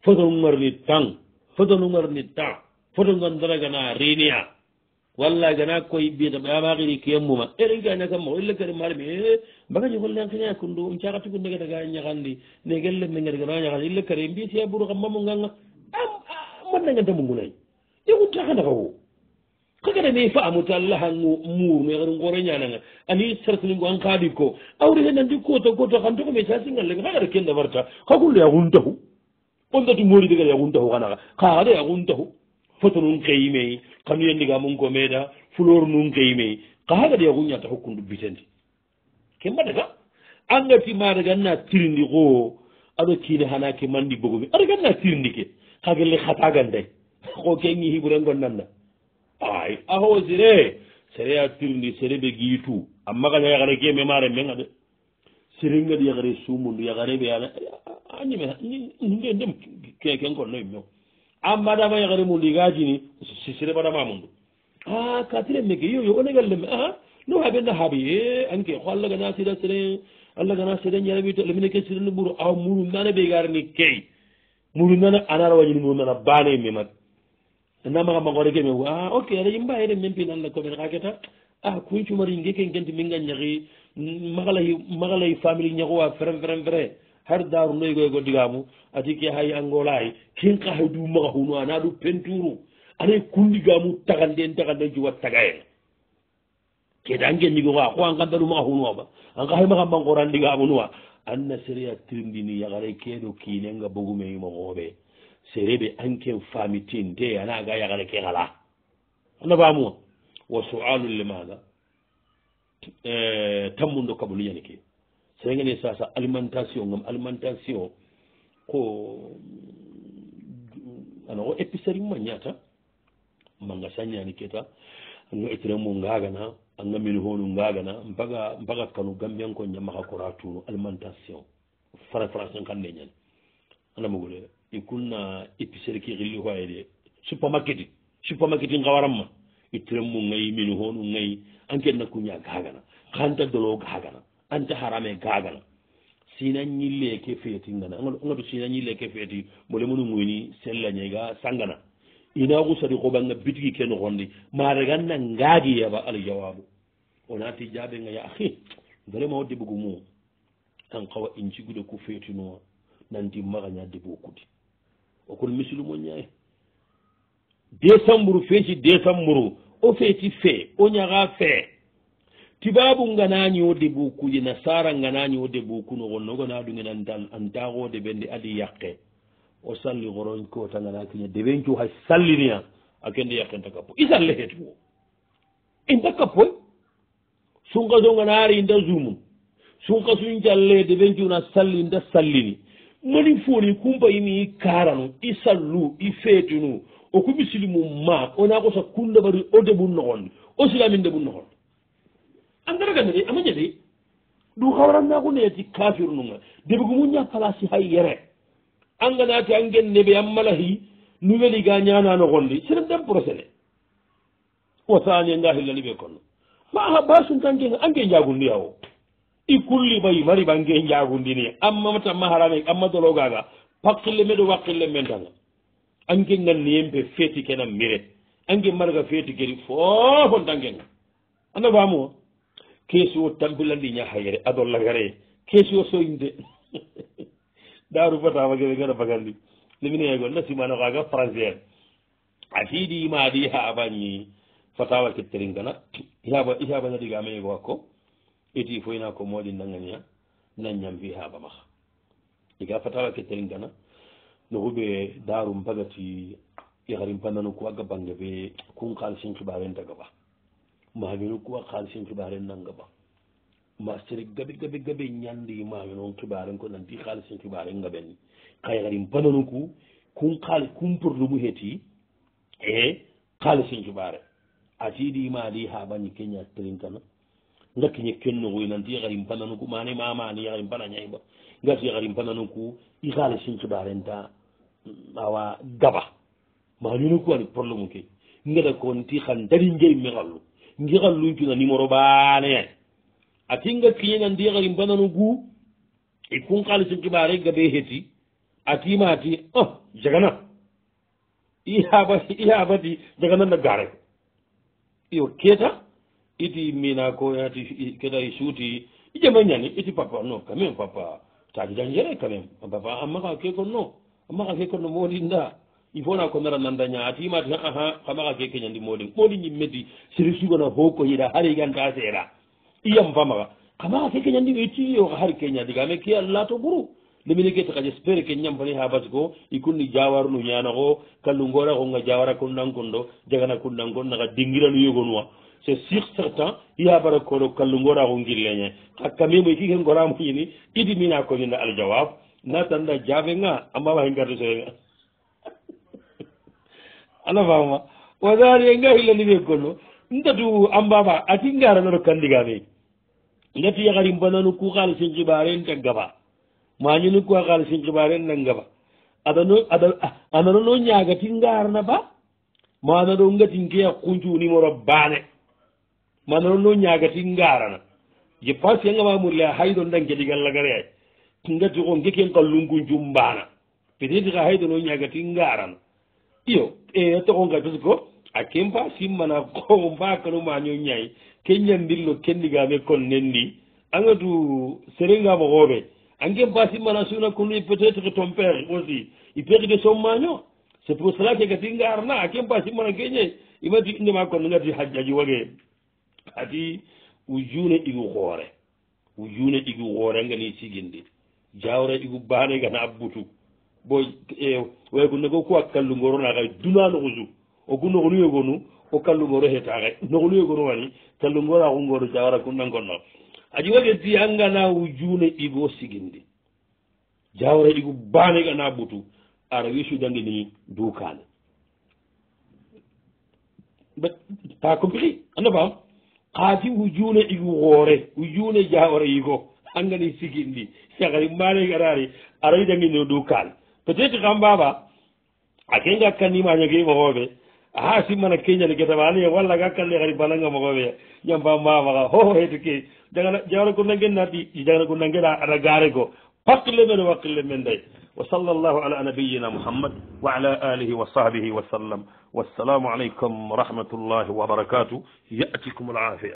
foto ngarni tan foto no ngarni tan foto gandara gana riniya walla gana koye biyeta ɓamakiri kiyammuma eren gaña kamma o illa kadi marmi e mbagaje holle ankinaya kundu um cakati kunde gata ga ñakandi ne gelle me gadi gana ñakandi illa kadi mbiyeteya buru kam mamo ganga am mbaddagantamo ngunayi yo kun cakandaka wo kogene ne faamuta allah han muurme xar ngore ñananga ani sarsiningo an kaadi ko awri he nandi koto goto xan tokome casingalleng xa gara ken ndafarta xa gulle yaxun taxu o ndatu moori dega yaxun taxu xanaxa xaxada yaxun taxu foto nun xeymey xanu yendiga mun komeeda flore nun xeymey xaxagada yaxu ñata xukkundu bitendi ke mbadaga angati madagana tirindi xo aɗo kiine xana ke mandi bogomi aɗa ganna tirindi ke xa gelle xataganday xo ke ngi xiburengonnanna ay ahoosire sere a tirindi sere ɓe giitu amma kan yagare ke memare menga de sere ngad yagare sumundu yagare ɓe aañime nde ndem kekenkonnoye meo amma dama yagare mundu igajini sere baɗama mundu a katire meke yoyo onegal leme aha no haɓe nda haaɓe e anke ko allah gana sida sere allah gana sida ñalawita lemine ke sirene ɓuuro a murunana ɓe garani key murunana anara wañini murunana baane memat namakama gore keme wa ah, ok ara yimba ede men pin allah komen haketa a ah, kun cumari nge ken genti min gaññahi magalayi magalayi famille ñahowa frem frem vre har daru noyi goye goddigamu ati ke hay angolayi ken kahay du maga hunu ana du penturu anay kundigamu taganden taganden juwa tagayen keda an gendigoo a ko an kanta du maga hunuwa ba an kahay maga mangoro andigamunuwa anna séria trimdini yagaray kedo kinenga bogumeyimogoɓe serebe anke famitin de ana anaga yagare ke gala ba mu wa sualu eh limaga tammundo kabulu yani ngene sa sa alimentation ngam alimentation ko ana o episeri manyata manga sanya ni keta itre mu ngaga na anga min honu na mpaka mpaka kanu gambian ko nyama kora tuno alimentation fara fara sen kan ne ñani ana mugule i e kunna épicere ke xilli hoye de supermarketi supermarketi gawaranma itiremu e gayi minu honu gayi anke nakkuña gagana xanta dolo gagana anta harame gagana sina ñille ke feeti gana angatu sina ñille ke feeti molemunu guyni sellañega sangana ina xusadi xobanga bitigi ke noxondi maregana ngaagi yaba aljawabu onati jaɓe gaya axi vraiment o debugumo an xawa incigude ku feetinoa nanti maxaña debu kudi o kono misilu mo ñaayi décembre feeti décembre o o feeti fee o ñaga fee tubaabu nganaani o de bokuji nasara nganaani o de bokuno gon nogona ɗu genan dan antaagode ɓende adi yaqe o salli goroñ kota ngana kiña deɓencu hay salliniya a kende yaqe nta kappo i salle heetu o inta kappoy sunkaso nganaari inta zumum sunkasun jallee deɓencuna salli inta sallini moni fooni kumpa imi i karanu i sallu i feetinu o ku bisilimu maak ona kosa kundabari o debun noxondi o silamin debun noxondi angaragana de ama ñade du xawarannaku neyati kafir nunga debigu mu ñakalasi hay yere anganati angen nebe an malahi nuweli ga ñana noxondi senen dem procéde wa taniangahillali ɓe konno ma a basuntankenga ange jagundiyawo i kulli bayi mari bange jagundini amma ta maharane amma dologaga pakkille meɗo wakkille men tan anke ganni yempe feeti kenan mire anke marga feeti geri fofon tangen anda famu keesi o tampilandi ñahayere adollagare keesi o soyinde daru fatama geɓe gaɗa bagandi nemine yego nasimano kaga frasiére a fiidi ma di haɓañi fatawa ketterin kana haɓa haɓanadigameyego akko eti foyna ko mawɗi nagania nañam fi haaba maha iga fatawa kettel gana no huɓe darum bagati yaharim pannano kuwa ga bange ɓe kun kal sin kibaren daga ba mamino kuwa kal sin kibaren nanga ba masteri gabe gabe gabe ñandi mamino kibaren ko nanti kal sin kibaren gabenni ka yaharim pannano ku kun kal kun porlu mu heti e kal sin kibare atiɗi maɗi haɓañi keña trinkana gati ñe kennoxuy nanti yaxarim pananuku mane mamani yaxarim pana ñayiɓa gati yaxarim pananuku i xaale sinkibarenta mm, awa gaba maxañuno ku ani probleme ke ngeda konti xan dari njeri me xallu ngi xallu cuna numéro baane ani ati ngat kiñe nanti yaxarim pananuku i kun xaale sinkibare gabe heti atimati a oh, jagana i aba i aba ti jagana na gare iyo keta iti minako yati keda i suuti i jama ñani iti papa non quand même papa taji dangere quand même papa a maxa ke kon no a maxa ke kon no moodi nda il faut na commera nanda ña atimati aa xamaxa ke keñandi moodi moodi ñim meti seri sugana fo koyida xar iganta seera i yam famaxa xamaxa ke keñandi ti yoxa xar keña digame ke alla to guru lemine ke taxa jespere ke ñam fane ha basiko i kunni jawar nu ñanaxo kallungoraxonga jawara kunnan kun do jagana kunnan kon naxa dingiranu yogonuwa c'est sur ce temps yabara koɗo kallu gorako guilleñe ha kamimo e kike goramo yini idi mina komina aljawab natanda jaabe nga ammama hen garde sega ala fama wa dalika nga hillani wi gollo ndatu ambaba ati gara noto kandigame ndatu yakari banano ku kala sin kibare nte gaba mañini ku kala sin kibare nte gaba adano ada anano no ñagati garna ba manano ngatin ke kunju numéro bane mana noon noon ñaagati ngaarana je pense yanga mamuri la hayɗo ndangeɗi gallagare ay kingati on gekeng ka lungu jumbana peut être ka hayɗo noon ñaagati ngaarana iyo e togonga parce que a ken mba simmana ko mba kano maño ñayi ke ñandirlo kenndigame kon nenndi angatu serengama hooɓe angen mba simmana suna konni peut être que ton père aussi i perde son maño c'est pour cela ke gati ngaarana a ken mba simmana ke ñayi imati innema konno ngati hajjaji wage ati u juuna ɗigu hoore u juuna ɗigu hoore nga ni siginde jawra ɗigu baane gana abbutu bo e, way gonne go ko a kallugoro naaka duna noko su o gu noko luye gonu o kallugoro hetaaka noko luye gonu wani kallugoro akungoro jawra kunnan gonno adi wage di angana u juuna ɗigu o siginde jawra ɗigu baane gana abbutu ara wi sudange ni duukaane ba pa compris anda fam kaafi ujune igugoore ujune jaore yigo angani siginɗi sakari mbaale garari aroydangino du kal peut être kam baba ake gakkanimañogi mogoɓe ha simmana keñani guetaɓaane walla gakkanle hari bananga mogoɓe ñambammamaa hoo heeto ke jagana jawra ko nangue nati jagana ko nangueɗa aɗa gaare ko فقل من وقل من دي وصلى الله على نبينا محمد وعلى آله وصحبه وسلم والسلام عليكم ورحمة الله وبركاته يأتيكم العافية